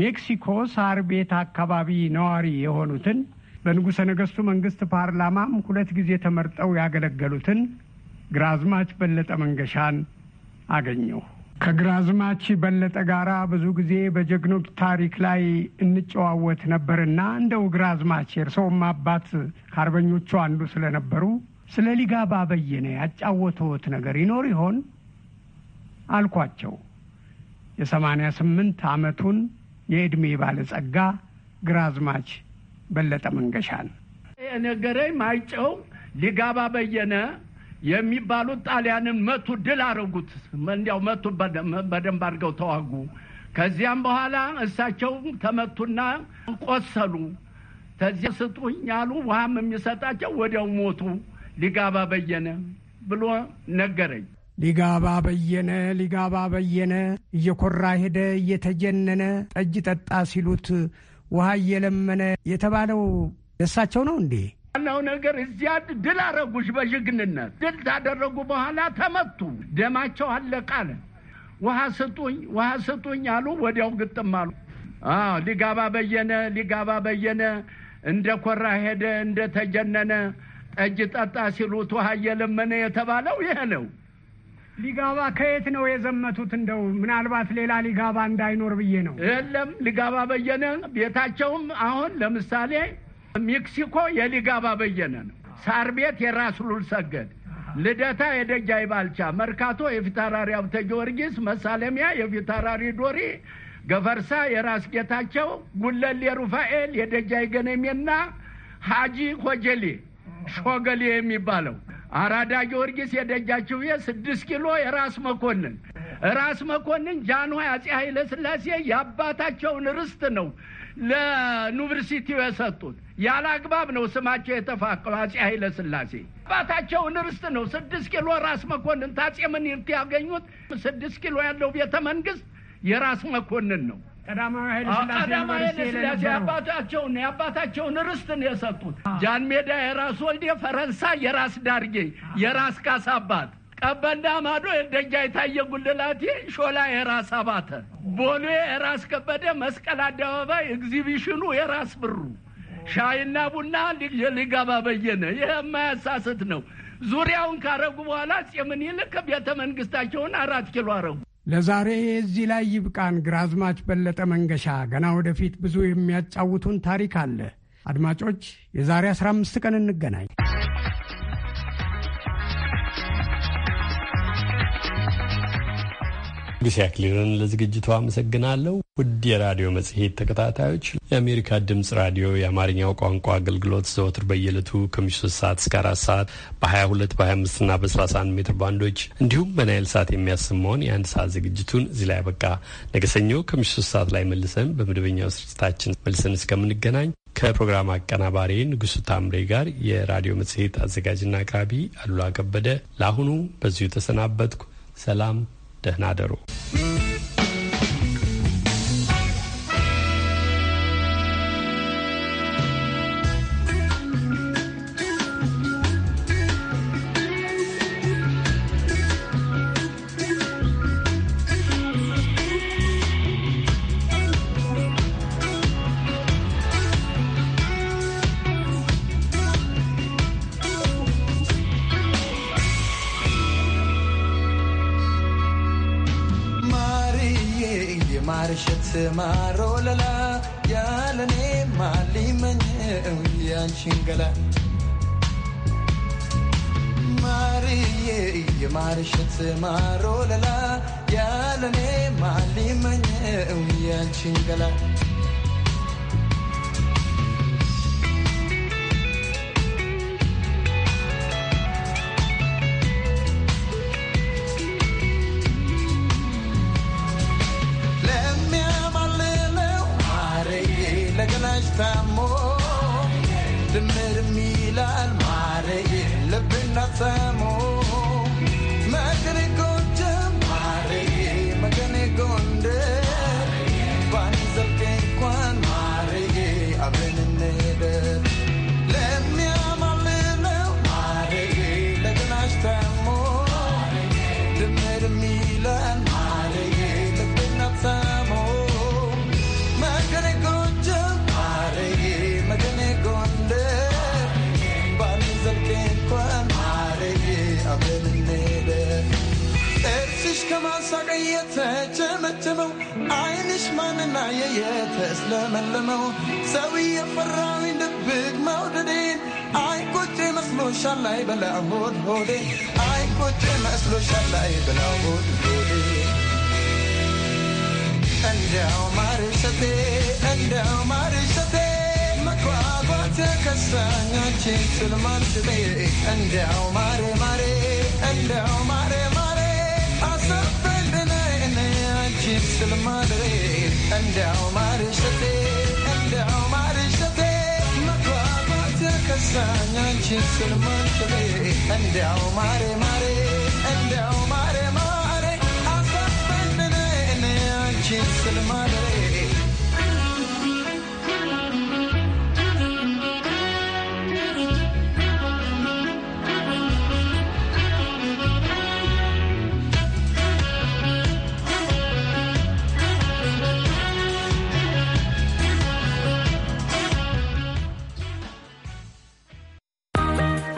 ሜክሲኮ ሳር ቤት አካባቢ ነዋሪ የሆኑትን በንጉሠ ነገሥቱ መንግሥት ፓርላማም ሁለት ጊዜ ተመርጠው ያገለገሉትን ግራዝማች በለጠ መንገሻን አገኘሁ። ከግራዝማች በለጠ ጋራ ብዙ ጊዜ በጀግኖች ታሪክ ላይ እንጨዋወት ነበርና እንደው ግራዝማች የእርሰውም አባት ከአርበኞቹ አንዱ ስለነበሩ ስለ ሊጋባ በየነ ያጫወተዎት ነገር ይኖር ይሆን አልኳቸው። የሰማንያ ስምንት ዓመቱን የዕድሜ ባለጸጋ ግራዝማች በለጠ መንገሻን
የነገረኝ ማይጨው ሊጋባ በየነ የሚባሉት ጣሊያንን መቱ፣ ድል አረጉት። እንዲያው መቱ፣ በደንብ አድርገው ተዋጉ። ከዚያም በኋላ እሳቸው ተመቱና ቆሰሉ። ተዚያ ስጡኝ አሉ። ውሃም የሚሰጣቸው ወዲያው ሞቱ። ሊጋባ በየነ ብሎ ነገረኝ።
ሊጋባ በየነ ሊጋባ በየነ እየኮራ ሄደ እየተጀነነ ጠጅ ጠጣ ሲሉት ውሃ እየለመነ የተባለው ደሳቸው ነው እንዴ?
ዋናው ነገር እዚያ ድል አረጉሽ። በጀግንነት ድል ታደረጉ በኋላ ተመቱ። ደማቸው አለቃለ። ውሃ ስጡኝ፣ ውሃ ስጡኝ አሉ። ወዲያው ግጥም አሉ። ሊጋባ በየነ ሊጋባ በየነ እንደ ኮራ ሄደ እንደ ተጀነነ እጅ ጠጣ ሲሉት ውሃ እየለመነ የተባለው ይህ ነው። ሊጋባ ከየት ነው የዘመቱት? እንደው ምናልባት ሌላ ሊጋባ እንዳይኖር ብዬ ነው። የለም ሊጋባ በየነ ቤታቸውም አሁን ለምሳሌ ሜክሲኮ የሊጋባ በየነ ነው። ሳር ቤት የራስ ሉል ሰገድ፣ ልደታ የደጃይ ባልቻ፣ መርካቶ የፊታራሪ አብተ ጊዮርጊስ፣ መሳለሚያ የፊታራሪ ዶሪ፣ ገፈርሳ የራስ ጌታቸው፣ ጉለሌ ሩፋኤል የደጃይ ገነሜና ሀጂ ኮጀሌ ሾገሌ የሚባለው አራዳ ጊዮርጊስ የደጃችው ስድስት ኪሎ የራስ መኮንን ራስ መኮንን ጃንሆይ አጼ ኃይለ ስላሴ የአባታቸውን ርስት ነው ለዩኒቨርሲቲው የሰጡት። ያለ አግባብ ነው ስማቸው የተፋቀው። አጼ ኃይለ ስላሴ አባታቸውን ርስት ነው ስድስት ኪሎ ራስ መኮንን ታጼ ምኒልክ ያገኙት። ስድስት ኪሎ ያለው ቤተ መንግስት የራስ መኮንን ነው።
ቀዳማዊ ኃይለሥላሴ
አባታቸውን የአባታቸውን ርስት የሰጡት። ጃን ሜዳ የራስ ወልዴ፣ ፈረንሳይ የራስ ዳርጌ፣ የራስ ካሳ አባት፣ ቀበና ማዶ ደጃ የታየ ጉልላቴ፣ ሾላ የራስ አባተ፣ ቦሌ የራስ ከበደ፣ መስቀል አደባባይ ኤግዚቢሽኑ የራስ ብሩ፣ ሻይና ቡና የሊጋባ በየነ። ይህ የማያሳስት ነው። ዙሪያውን ካረጉ በኋላ ጼ ምኒልክ ቤተ መንግስታቸውን አራት ኪሎ አረጉ።
ለዛሬ እዚህ ላይ ይብቃን። ግራዝማች በለጠ መንገሻ ገና ወደፊት ብዙ የሚያጫውቱን ታሪክ አለ። አድማጮች፣ የዛሬ 15 ቀን እንገናኝ።
ንጉሴ አክሊሉን ለዝግጅቱ አመሰግናለሁ። ውድ የራዲዮ መጽሔት ተከታታዮች የአሜሪካ ድምጽ ራዲዮ የአማርኛው ቋንቋ አገልግሎት ዘወትር በየለቱ ከምሽቱ 3 ሰዓት እስከ 4 ሰዓት በ22 በ25ና በ31 ሜትር ባንዶች እንዲሁም በናይል ሰዓት የሚያሰማውን የአንድ ሰዓት ዝግጅቱን እዚህ ላይ ያበቃ። ነገ ሰኞ ከምሽቱ 3 ሰዓት ላይ መልሰን በመደበኛው ስርጭታችን መልሰን እስከምንገናኝ ከፕሮግራም አቀናባሪ ንጉሱ ታምሬ ጋር የራዲዮ መጽሔት አዘጋጅና አቅራቢ አሉላ ከበደ ለአሁኑ በዚሁ ተሰናበትኩ። ሰላም። ደህና አደሩ።
ነሽ ታሞ ድምር ሚላል ማረ ልብና ሰሞ የተስለመለመው ሰው የፈራዊ ድብቅ መውደዴን አይቆጭ መስሎሻል ላይ በላ ሆድ ሆዴ አይቆጭ መስሎሻል ላይ በላ ሆድ ሆዴ እንዲያው ማርሰቴ እንዲያው ማርሰቴ መጓጓት ከሳኛችን ስልማንስቤ እንዲያው ማሬ ማሬ እንዲያው ማሬ ማሬ አሰብልነ ስልማድሬ እንደው ማርሸቴ እንደው ማርሸቴ መግባባት ከሳኝ አንቺን ስል ማንሽቴ እንደው ማሬ ማሬ እንደው ማሬ ማሬ አሳፈንነ እኔ አንቺን ስል